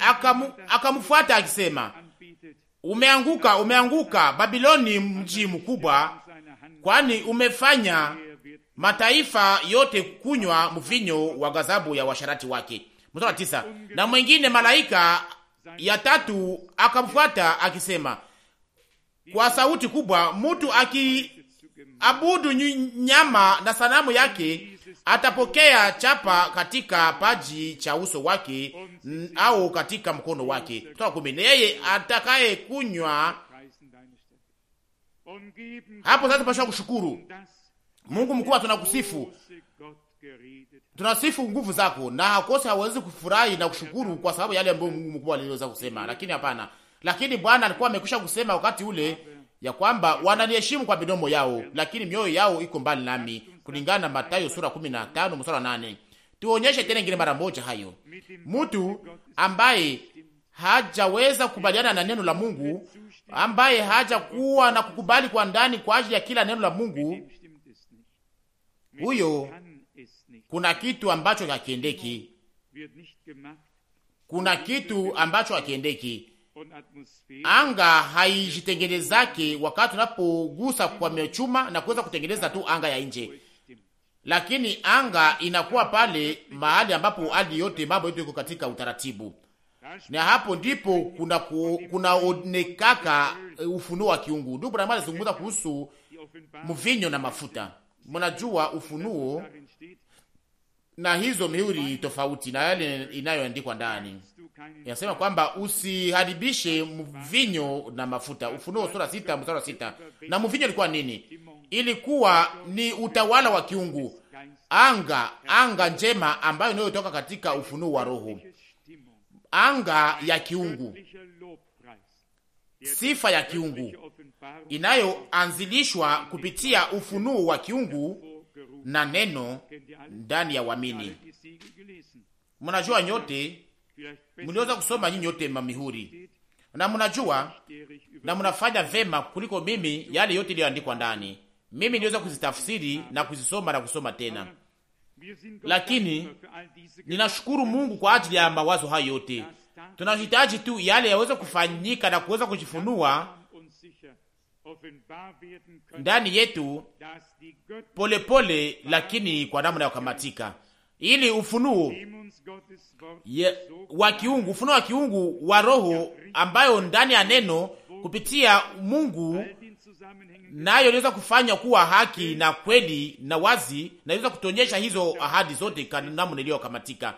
akamfuata akisema, umeanguka, umeanguka Babiloni mji mkubwa, kwani umefanya mataifa yote kunywa mvinyo wa ghadhabu ya washarati wake. Mstari tisa. Na mwengine malaika ya tatu akamfuata akisema kwa sauti kubwa, mtu aki abudu nyama na sanamu yake atapokea chapa katika paji cha uso wake au katika mkono wake. Yeye atakaye kunywa hapo sasa, pasha kushukuru Mungu mkuu. tunakusifu, tunasifu nguvu zako, na hakosi hawezi kufurahi na kushukuru kwa sababu yale ambayo Mungu mkuu aliweza kusema, lakini hapana, lakini Bwana alikuwa amekwisha kusema wakati ule ya kwamba wananiheshimu kwa midomo yao, lakini mioyo yao iko mbali nami, kulingana na Mathayo sura 15 mstari wa 8. Tuonyeshe tena ingine mara moja hayo. Mtu ambaye hajaweza kukubaliana na neno la Mungu, ambaye hajakuwa na kukubali kwa ndani kwa ajili ya kila neno la Mungu, huyo kuna kitu ambacho hakiendeki, kuna kitu ambacho hakiendeki anga haijitengenezake wakati unapogusa kwa mechuma na kuweza kutengeneza tu anga ya nje, lakini anga inakuwa pale mahali ambapo hadi yote mambo yote iko katika utaratibu, na hapo ndipo kuna kunaonekaka eh, ufunuo wa kiungu. Ndugu Branham alizungumza kuhusu mvinyo na mafuta. Mnajua ufunuo na hizo mihuri tofauti na yale inayoandikwa ndani inasema kwamba usiharibishe mvinyo na mafuta. Ufunuo sura sita mstari wa sita. Na mvinyo ilikuwa nini? Ilikuwa ni utawala wa kiungu, anga anga njema ambayo inayotoka katika ufunuo wa Roho, anga ya kiungu, sifa ya kiungu inayoanzilishwa kupitia ufunuo wa kiungu na neno ndani ya wamini. Mnajua nyote mliweza kusoma nyinyi yote mamihuri na mnajua na mnafanya vema kuliko mimi yale yote iliyoandikwa ndani. Mimi niweza kuzitafsiri na kuzisoma na kusoma tena, lakini ninashukuru Mungu kwa ajili ya mawazo hayo yote. Tunahitaji tu yale yaweze kufanyika na kuweza kujifunua ndani yetu polepole pole, lakini kwa namna ya kukamatika ili ufunuo wa kiungu, ufunuo wa kiungu wa roho ambayo ndani ya neno kupitia Mungu nayo inaweza kufanya kuwa haki na kweli na wazi, na inaweza kutonyesha hizo ahadi zote kanamu kamatika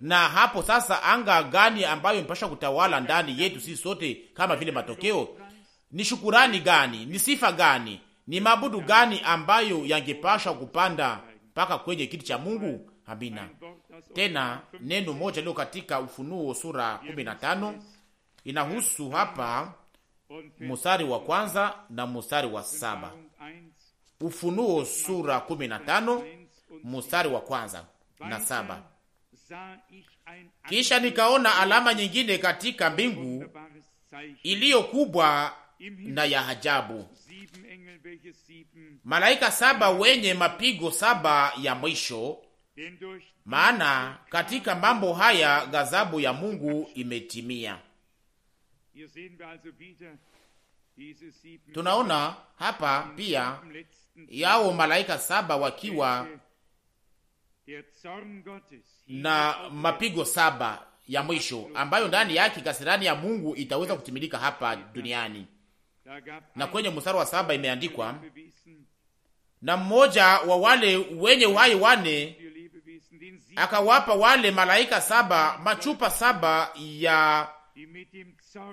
Na hapo sasa, anga gani ambayo imepasha kutawala ndani yetu sisi sote kama vile matokeo? Ni shukurani gani? Ni sifa gani? Ni mabudu gani ambayo yangepasha kupanda mpaka kwenye kiti cha Mungu? Amina. Tena neno moja leo katika Ufunuo sura 15 inahusu hapa mstari wa kwanza na mstari wa saba. Ufunuo sura 15 mstari wa kwanza na saba. Kisha nikaona alama nyingine katika mbingu iliyo kubwa na ya ajabu, malaika saba wenye mapigo saba ya mwisho maana katika mambo haya ghadhabu ya Mungu imetimia. Tunaona hapa pia yao malaika saba wakiwa na mapigo saba ya mwisho ambayo ndani yake kasirani ya Mungu itaweza kutimilika hapa duniani. Na kwenye mstari wa saba imeandikwa, na mmoja wa wale wenye uhai wane akawapa wale malaika saba machupa saba ya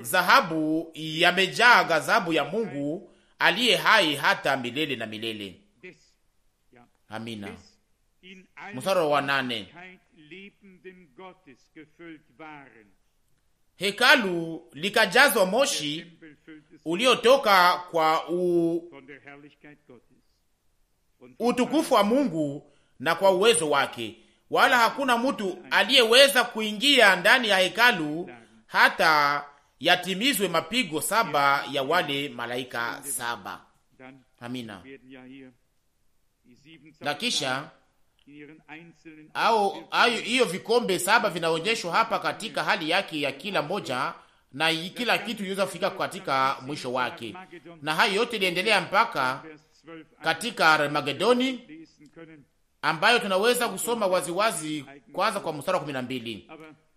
dhahabu yamejaa ghadhabu ya Mungu aliye hai hata milele na milele. Amina. Mstari wa nane. Hekalu likajazwa moshi uliotoka kwa u... utukufu wa Mungu na kwa uwezo wake wala hakuna mtu aliyeweza kuingia ndani ya hekalu hata yatimizwe mapigo saba ya wale malaika saba. Amina. Na kisha au hiyo vikombe saba vinaonyeshwa hapa katika hali yake ya kila moja, na kila kitu iliweza kufika katika mwisho wake, na hayo yote iliendelea mpaka katika Armagedoni ambayo tunaweza kusoma waziwazi kwanza kwa mstari wa kumi na mbili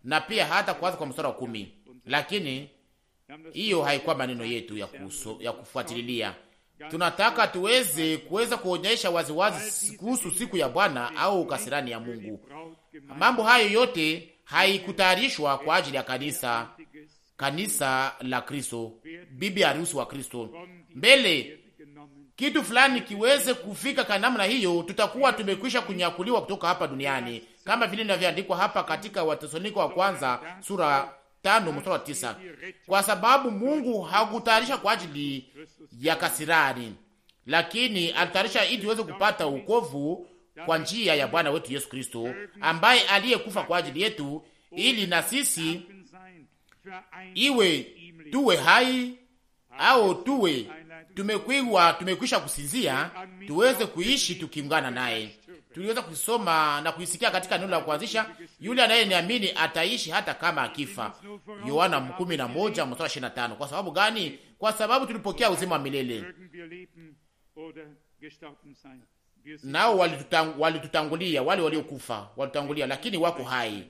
na pia hata kwanza kwa mstari wa kumi lakini hiyo haikuwa maneno yetu ya, kuso, ya kufuatilia. Tunataka tuweze kuweza kuonyesha waziwazi kuhusu siku ya Bwana au kasirani ya Mungu. Mambo hayo yote haikutayarishwa kwa ajili ya kanisa, kanisa la Kristo, bibi harusi wa Kristo mbele kitu fulani kiweze kufika kwa namna hiyo, tutakuwa tumekwisha kunyakuliwa kutoka hapa duniani, kama vile inavyoandikwa hapa katika watesalonika wa kwanza sura tano mstari wa tisa, kwa sababu Mungu hakutayarisha kwa ajili ya kasirani, lakini alitayarisha ili tuweze kupata ukovu kwa njia ya Bwana wetu Yesu Kristo, ambaye aliyekufa kwa ajili yetu, ili na sisi iwe tuwe hai au tuwe tumekwiwa tumekwisha kusinzia tuweze kuishi tukiungana naye. Tuliweza kusoma na kuisikia katika neno la kuanzisha, yule anayeniamini ataishi hata kama akifa, Yohana 11 Kwa sababu gani? Kwa sababu tulipokea uzima wa milele, nao walitutangulia, wale waliokufa walitangulia, lakini wako hai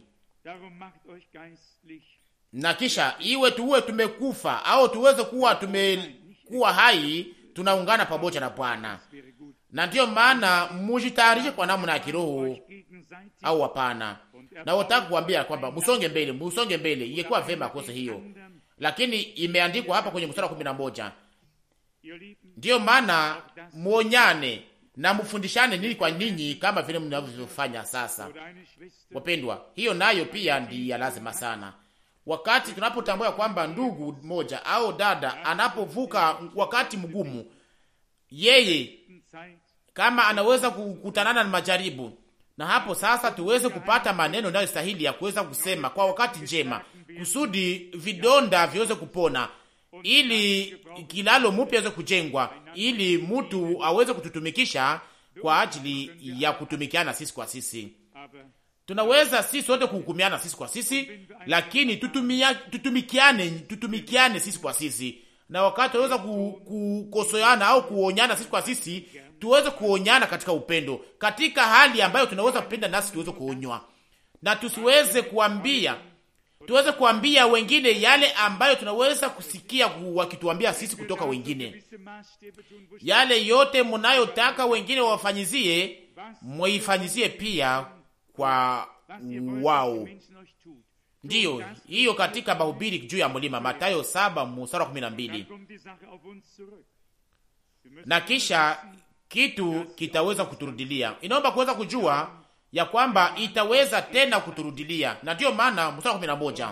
na kisha iwe tuwe tumekufa au tuweze kuwa tume kuwa hai, tunaungana pamoja na Bwana, na ndiyo maana mujitayarishe kwa namna ya kiroho au hapana. Na wataka kuambia kwamba musonge mbele, musonge mbele. Ingekuwa vema kose hiyo, lakini imeandikwa hapa kwenye mstari wa 11, ndiyo maana muonyane na mfundishane nini kwa ninyi kama vile mnavyofanya sasa. Wapendwa, hiyo nayo pia ndiyo lazima sana Wakati tunapotambua kwamba ndugu moja au dada anapovuka wakati mgumu, yeye kama anaweza kukutanana na majaribu, na hapo sasa tuweze kupata maneno stahili ya kuweza kusema kwa wakati njema, kusudi vidonda viweze kupona, ili kilalo mupya aweze kujengwa, ili mtu aweze kututumikisha kwa ajili ya kutumikiana sisi kwa sisi. Tunaweza sisi wote kuhukumiana sisi kwa sisi, lakini tutumia, tutumikiane, tutumikiane sisi kwa sisi, na wakati tunaweza kukosoana au kuonyana sisi kwa sisi, tuweze kuonyana katika upendo, katika hali ambayo tunaweza kupenda nasi tuweze kuonywa na tusiweze kuambia tuweze kuambia wengine yale ambayo tunaweza kusikia wakituambia sisi kutoka wengine. Yale yote mnayotaka wengine wafanyizie, mwifanyizie pia kwa wao. Ndiyo hiyo katika mahubiri juu ya mlima, matayo 7 mstari wa na kisha kitu kitaweza kuturudilia. Inaomba kuweza kujua ya kwamba itaweza tena kuturudilia, na ndiyo maana mstari wa kumi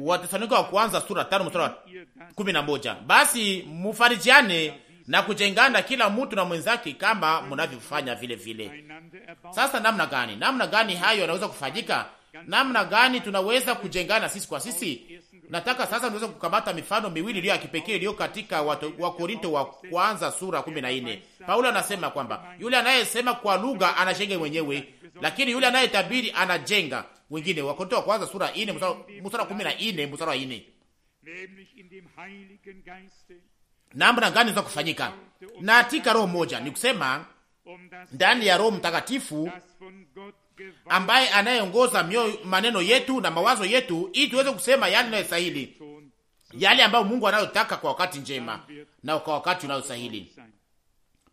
Wathesalonike wa kwanza sura tano mstari wa kumi na moja basi mufarijiane na kujengana kila mtu na mwenzake kama mnavyofanya vile vile. Sasa namna gani, namna gani hayo yanaweza kufanyika? Namna gani tunaweza kujengana sisi kwa sisi? Nataka sasa tunaweza kukamata mifano miwili iliyo ya kipekee iliyo katika Wakorinto wa kwanza sura 14. Paulo anasema kwamba yule anayesema kwa lugha anajenga mwenyewe, lakini yule anayetabiri anajenga wengine. Wakorinto wa kwanza sura 4 mstari 14 mstari wa 4 namna gani za kufanyika na katika roho moja, ni kusema ndani ya Roho Mtakatifu ambaye anayeongoza mioyo, maneno yetu na mawazo yetu, ili tuweze kusema yale yanayostahili, yale ambayo Mungu anayotaka kwa wakati njema na kwa wakati unayostahili.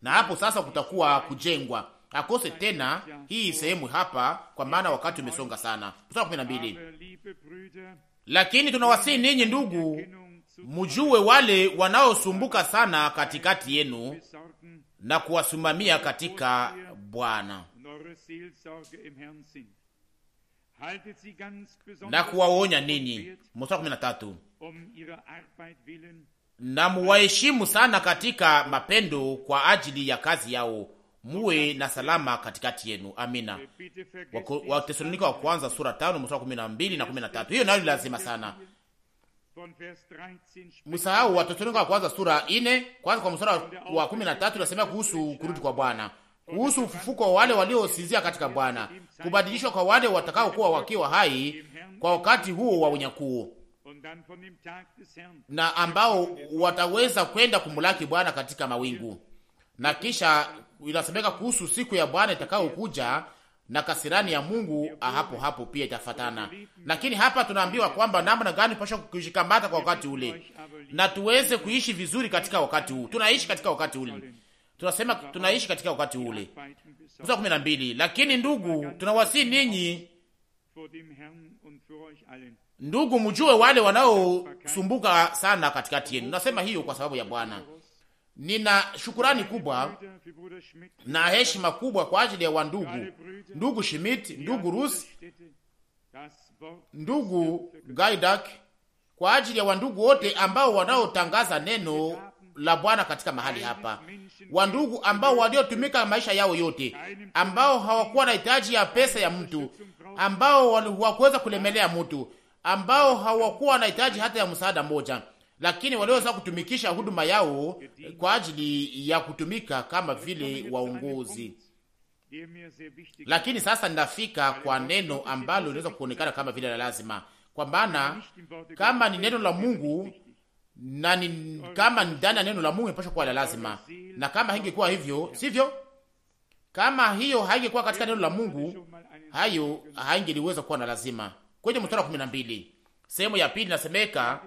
Na hapo sasa kutakuwa kujengwa akose tena hii sehemu hapa, kwa maana wakati umesonga sana. Mstari kumi na mbili: lakini tunawasihi ninyi ndugu mjue wale wanaosumbuka sana katikati yenu na kuwasimamia katika Bwana na kuwaonya ninyi. Mstari kumi na tatu, na muwaheshimu sana katika mapendo kwa ajili ya kazi yao, muwe na salama katikati yenu. Amina. Watesalonika wa kwanza sura tano mstari kumi na mbili na kumi na tatu. Hiyo nayo ni lazima sana msahau Wathesalonike wa kwanza sura ine kwanza kwa mstari wa kumi na tatu inasemea kuhusu kurudi kwa Bwana, kuhusu ufufuko wa wale waliosinzia katika Bwana, kubadilishwa kwa wale watakaokuwa wakiwa hai kwa wakati huo wa unyakuo, na ambao wataweza kwenda kumlaki Bwana katika mawingu. Na kisha inasemeka kuhusu siku ya Bwana itakayokuja na kasirani ya Mungu ah, hapo hapo pia itafatana. Lakini hapa tunaambiwa kwamba namna gani pasha kushikamata kwa wakati ule na tuweze kuishi vizuri katika wakati huu. Tunaishi katika wakati ule, tunasema tunaishi katika wakati ule. Mstari kumi na mbili, lakini ndugu, tunawasii ninyi ndugu, mjue wale wanaosumbuka sana katikati yenu. Nasema hiyo kwa sababu ya Bwana Nina shukurani kubwa na heshima kubwa kwa ajili ya wandugu, ndugu Schmidt, ndugu Rus, ndugu Gaidak, kwa ajili ya wandugu wote ambao wanaotangaza neno la Bwana katika mahali hapa, wandugu ambao waliotumika maisha yao yote, ambao hawakuwa na hitaji ya pesa ya mtu, ambao hawakuweza kulemelea mtu, ambao hawakuwa na hitaji hata ya msaada mmoja lakini waliweza kutumikisha huduma yao kwa ajili ya kutumika kama vile waongozi. Lakini sasa ninafika kwa neno ambalo linaweza kuonekana kama vile la lazima, kwa maana kama ni neno la Mungu na ni, kama ndani ya neno la Mungu inapaswa kuwa la lazima, na kama haingekuwa hivyo, sivyo? Kama hiyo haingekuwa katika neno la Mungu, hayo haingeliweza kuwa na lazima. Kwenye mstari wa 12 sehemu ya pili nasemeka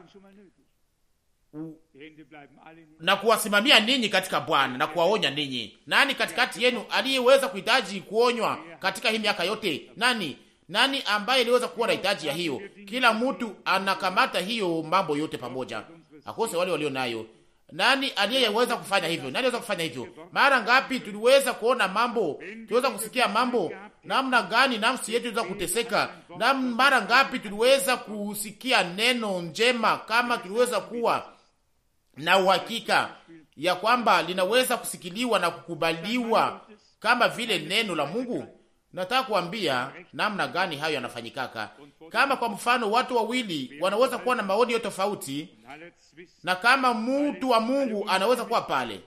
na kuwasimamia ninyi katika Bwana na kuwaonya ninyi. Nani katikati yenu aliyeweza kuhitaji kuonywa katika hii miaka yote? Nani nani ambaye aliweza kuwa na hitaji ya hiyo? Kila mtu anakamata hiyo mambo yote pamoja, akose wale walio nayo. Nani aliyeweza kufanya hivyo? Nani aliweza kufanya hivyo? Mara ngapi tuliweza kuona mambo, tuliweza kusikia mambo, namna gani nafsi yetu iliweza kuteseka, na mara ngapi tuliweza kusikia neno njema, kama tuliweza kuwa na uhakika ya kwamba linaweza kusikiliwa na kukubaliwa kama vile neno la Mungu. Nataka kuambia namna gani hayo yanafanyikaka. Kama kwa mfano watu wawili wanaweza kuwa na maoni yo tofauti, na kama mtu wa Mungu anaweza kuwa pale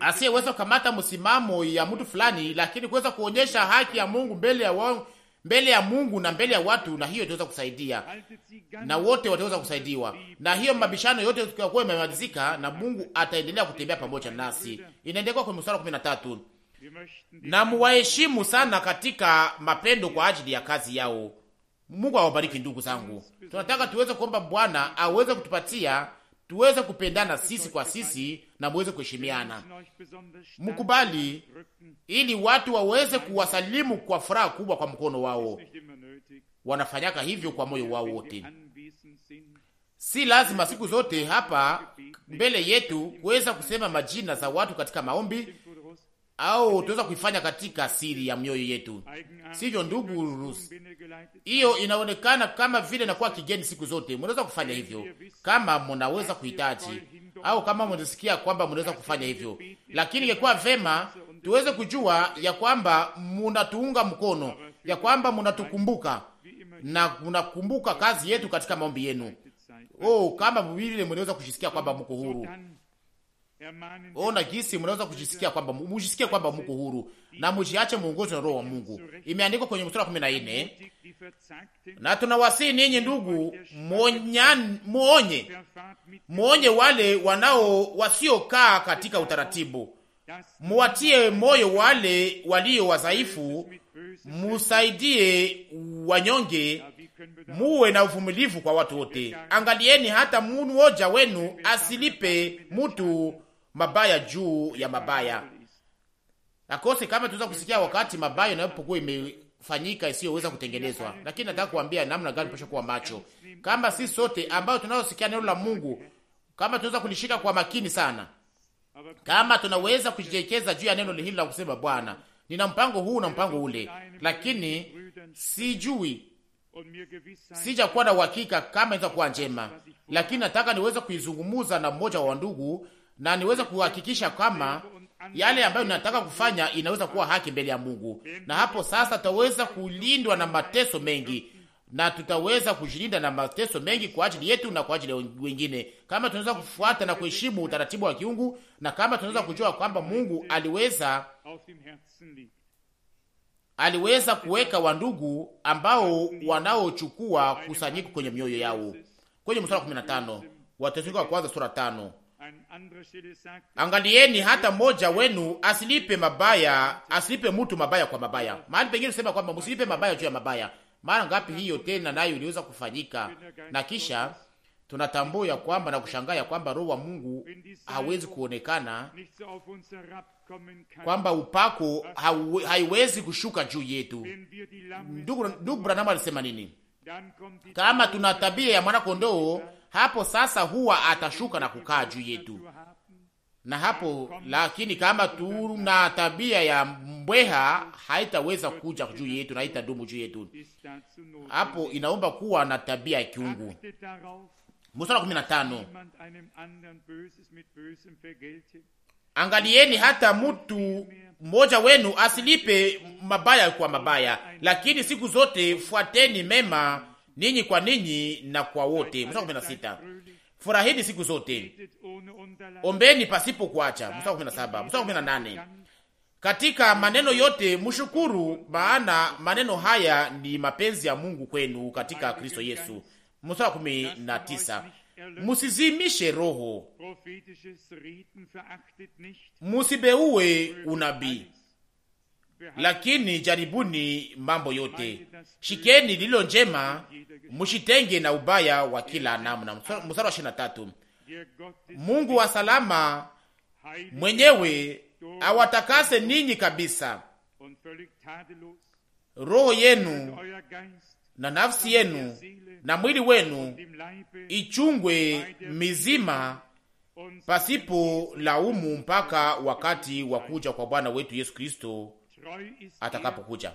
asiyeweza kukamata msimamo ya mtu fulani, lakini kuweza kuonyesha haki ya Mungu mbele ya wao mbele ya Mungu na mbele ya watu, na hiyo itaweza kusaidia na wote wataweza kusaidiwa, na hiyo mabishano yote tukiwa imemalizika, na Mungu ataendelea kutembea pamoja nasi. Inaendelea kwa mstari wa 13, na muwaheshimu sana katika mapendo kwa ajili ya kazi yao. Mungu awabariki ndugu zangu. Tunataka tuweze kuomba Bwana aweze kutupatia tuweze kupendana sisi kwa sisi na muweze kuheshimiana, mkubali, ili watu waweze kuwasalimu kwa furaha kubwa kwa mkono wao. Wanafanyaka hivyo kwa moyo wao wote. Si lazima siku zote hapa mbele yetu kuweza kusema majina za watu katika maombi au tuweza kuifanya katika siri ya mioyo yetu, sivyo ndugu Rus? Hiyo inaonekana kama vile inakuwa kigeni siku zote. Mnaweza kufanya hivyo kama mnaweza kuhitaji, au kama mnasikia kwamba mnaweza kufanya hivyo, lakini ingekuwa vema tuweze kujua ya kwamba munatuunga mkono, ya kwamba munatukumbuka na munakumbuka kazi yetu katika maombi yenu. Oh, kama vile mnaweza kushisikia kwamba mko huru, Ona gisi mnaweza kujisikia kwamba mujisikie kwamba mko huru na mujiache muongozwe na Roho wa Mungu. Imeandikwa kwenye mstari wa 14. Na tunawasii ninyi ndugu, muonyan muonye. Muonye wale wanao wasiokaa katika utaratibu. Muwatie moyo wale walio wadhaifu, musaidie wanyonge, muwe na uvumilivu kwa watu wote. Angalieni hata mmoja wenu asilipe mtu mabaya juu ya mabaya. Akose kama tunaweza kusikia wakati mabaya yanapokuwa imefanyika isiyoweza kutengenezwa, lakini nataka kuambia namna gani pasha kuwa macho, kama si sote ambayo tunayosikia neno la Mungu, kama tunaweza kulishika kwa makini sana, kama tunaweza kujielekeza juu ya neno hili la kusema Bwana, nina mpango huu na mpango ule, lakini sijui sijakuwa na uhakika kama inaweza kuwa njema, lakini nataka niweze kuizungumuza na mmoja wa ndugu na niweze kuhakikisha kama yale ambayo ninataka kufanya inaweza kuwa haki mbele ya Mungu, na hapo sasa tutaweza kulindwa na mateso mengi na tutaweza kujilinda na mateso mengi kwa ajili yetu na kwa ajili ya wengine, kama tunaweza kufuata na kuheshimu utaratibu wa kiungu, na kama tunaweza kujua kwamba Mungu aliweza aliweza kuweka wandugu ambao wanaochukua kusanyiko kwenye mioyo yao, kwenye mstari wa 15 Wathesalonike wa kwanza sura tano. Angalieni hata mmoja wenu asilipe mabaya, asilipe mtu mabaya kwa mabaya. Mahali pengine sema kwamba msilipe mabaya juu ya mabaya. Mara ngapi hiyo tena nayo iliweza kufanyika? Na kisha tunatambua kwamba na kushangaa ya kwamba roho wa Mungu hawezi kuonekana, kwamba upako haiwezi kushuka juu yetu. Ndugu Branham alisema nini? Kama tuna tabia ya mwana kondoo hapo sasa huwa atashuka na kukaa juu yetu. Na hapo lakini, kama tuna tabia ya mbweha, haitaweza kuja juu yetu na haitadumu juu yetu. Hapo inaomba kuwa na tabia ya kiungu. Mstari kumi Angalieni hata mtu mmoja wenu asilipe mabaya kwa mabaya, lakini siku zote fuateni mema ninyi kwa ninyi na kwa wote. Mstari kumi na sita furahini siku zote, ombeni pasipo kuacha. Mstari kumi na saba Mstari kumi na nane katika maneno yote mshukuru, maana maneno haya ni mapenzi ya Mungu kwenu katika Kristo Yesu. Mstari kumi na tisa musizimishe roho, musibeuwe unabii lakini jaribuni mambo yote, shikeni lililo njema, mushitenge na ubaya wa kila namna. Mstari wa ishirini na tatu. Mungu wa salama mwenyewe awatakase ninyi kabisa, roho yenu na nafsi yenu na mwili wenu ichungwe mizima pasipo laumu mpaka wakati wa kuja kwa Bwana wetu Yesu Kristo Er, atakapokuja.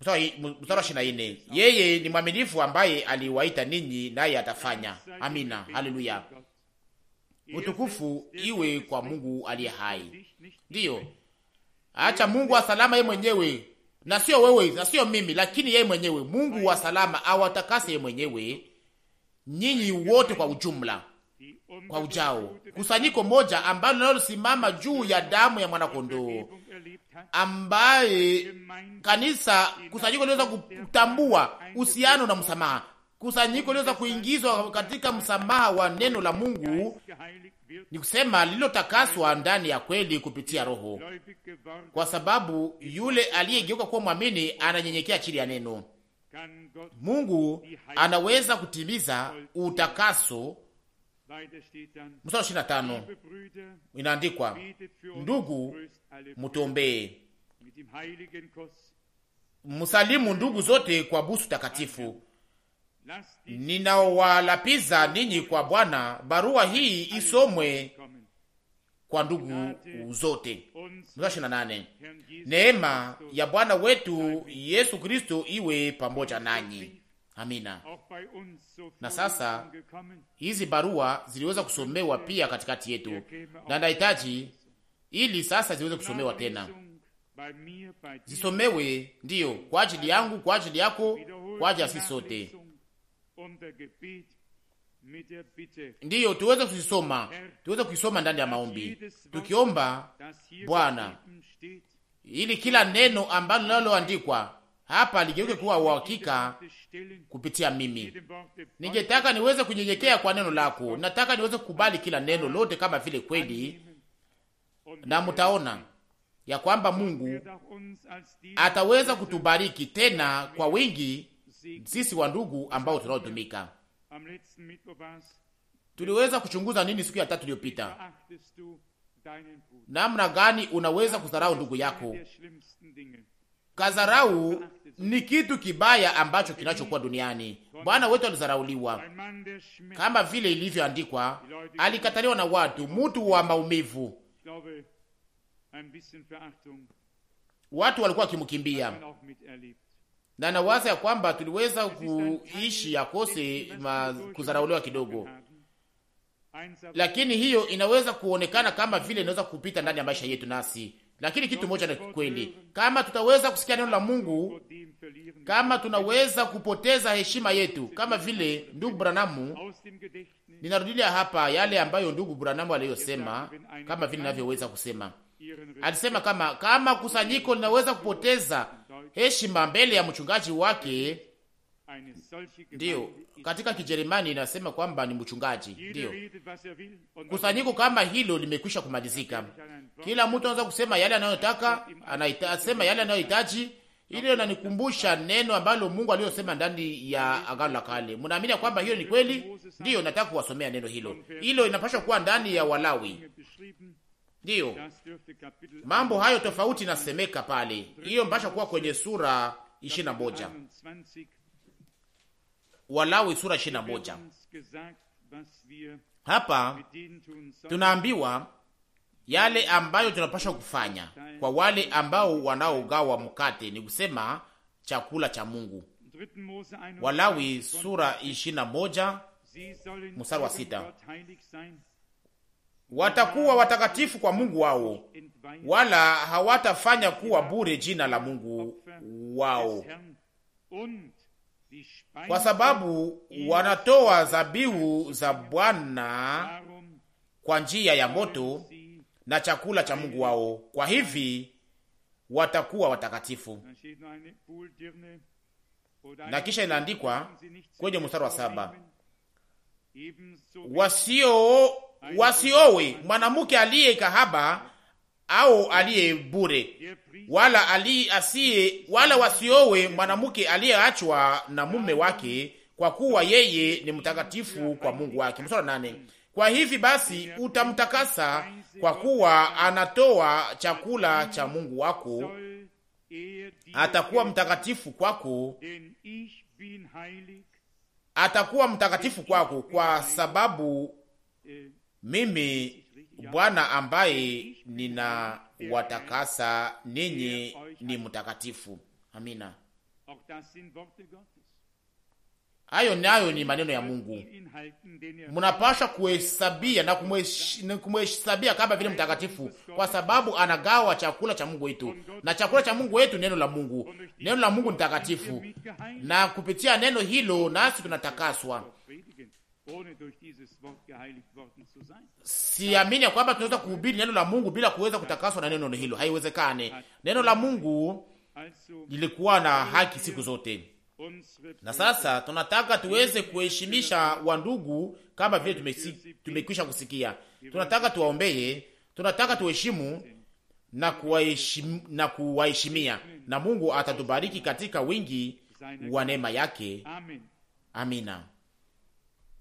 Mstari wa ishirini na nne yeye ni mwaminifu ambaye aliwaita ninyi, naye atafanya. Amina, haleluya. Utukufu iwe kwa Mungu aliye hai. Ndiyo, acha Mungu wa salama yeye mwenyewe, na sio wewe na sio mimi, lakini yeye mwenyewe, Mungu wa salama awatakase yeye mwenyewe nyinyi wote kwa ujumla kwa ujao, kusanyiko moja ambalo linalosimama juu ya damu ya mwanakondoo, ambaye kanisa, kusanyiko liweza kutambua uhusiano na msamaha, kusanyiko liweza kuingizwa katika msamaha wa neno la Mungu, ni kusema lililotakaswa ndani ya kweli kupitia Roho, kwa sababu yule aliyegeuka kuwa mwamini ananyenyekea chini ya neno. Mungu anaweza kutimiza utakaso mstari ishirini na tano inaandikwa, ndugu mutombee musalimu ndugu zote kwa busu takatifu. Ninawalapiza ninyi kwa Bwana. Barua hii isomwe kwa ndugu zote. Mstari wa nane, neema ya Bwana wetu Yesu Kristo iwe pamoja nanyi. Amina. Na sasa hizi barua ziliweza kusomewa pia katikati yetu, na nahitaji ili sasa ziweze kusomewa tena, zisomewe ndiyo, kwa ajili yangu, kwa ajili yako, kwa ajili ya sisi sote, ndiyo tuweze kuzisoma, tuweze kuisoma ndani ya maombi, tukiomba Bwana ili kila neno ambalo linaloandikwa hapa ligeuke kuwa uhakika kupitia mimi. Ningetaka niweze kunyenyekea kwa neno lako, nataka niweze kukubali kila neno lote kama vile kweli, na mtaona ya kwamba Mungu ataweza kutubariki tena kwa wingi, sisi wa ndugu ambao tunaotumika. Tuliweza kuchunguza nini siku ya tatu iliyopita? Namna gani unaweza kudharau ndugu yako? Kadharau ni kitu kibaya ambacho kinachokuwa duniani. Bwana wetu alizarauliwa kama vile ilivyoandikwa, alikataliwa na watu, mtu wa maumivu, watu walikuwa wakimkimbia na nawaza ya kwamba tuliweza kuishi akose kuzarauliwa kidogo, lakini hiyo inaweza kuonekana kama vile inaweza kupita ndani ya maisha yetu nasi lakini kitu moja ni kweli, kama tutaweza kusikia neno la Mungu, kama tunaweza kupoteza heshima yetu, kama vile ndugu Branamu, ninarudilia hapa yale ambayo ndugu Branamu aliyosema, kama vile ninavyoweza kusema. Alisema kama kama kusanyiko linaweza kupoteza heshima mbele ya mchungaji wake, ndiyo katika Kijerumani inasema kwamba ni mchungaji. Ndio er kusanyiko kama hilo limekwisha kumalizika. Kila mtu anaweza kusema yale anayotaka, anasema yale anayohitaji. Hilo nanikumbusha neno ambalo Mungu aliyosema ndani ya Agano la Kale. Mnaamini kwamba hiyo ni kweli? Ndiyo, nataka kuwasomea neno hilo. Hilo inapaswa kuwa ndani ya Walawi. Ndiyo, mambo hayo tofauti nasemeka pale. Hiyo mpasha kuwa kwenye sura ishirini na moja Walawi sura 21. Hapa tunaambiwa yale ambayo tunapaswa kufanya kwa wale ambao wanaogawa mkate, ni kusema chakula cha Mungu. Walawi sura 21 mstari wa sita. Watakuwa watakatifu kwa Mungu wao, wala hawatafanya kuwa bure jina la Mungu wao kwa sababu wanatoa zabihu za Bwana kwa njia ya moto na chakula cha Mungu wao, kwa hivi watakuwa watakatifu. Na kisha inaandikwa kwenye mstari wa saba wasio wasiowe mwanamke aliye kahaba au aliye bure, wala ali asiye wala wasiowe mwanamke aliyeachwa na mume wake, kwa kuwa yeye ni mtakatifu kwa Mungu wake. Mstari nane. Kwa hivi basi utamtakasa kwa kuwa anatoa chakula cha Mungu wako, atakuwa mtakatifu kwako, atakuwa mtakatifu kwako, kwa sababu mimi Bwana ambaye ninawatakasa ninyi ni mtakatifu. Amina. Hayo nayo ni maneno ya Mungu, munapasha kuhesabia na kumhesabia kama vile mtakatifu, kwa sababu anagawa chakula cha Mungu wetu, na chakula cha Mungu wetu neno la Mungu. Neno la Mungu ni takatifu, na kupitia neno hilo nasi tunatakaswa siamini ya kwamba tunaweza kuhubiri neno la Mungu bila kuweza kutakaswa na neno hilo, haiwezekane. Neno la Mungu lilikuwa na haki siku zote, na sasa tunataka tuweze kuheshimisha wandugu kama vile tumekwisha kusikia. Tunataka tuwaombeye, tunataka tuheshimu na kuwaheshimia na, kuwaheshimia, na Mungu atatubariki katika wingi wa neema yake. Amina.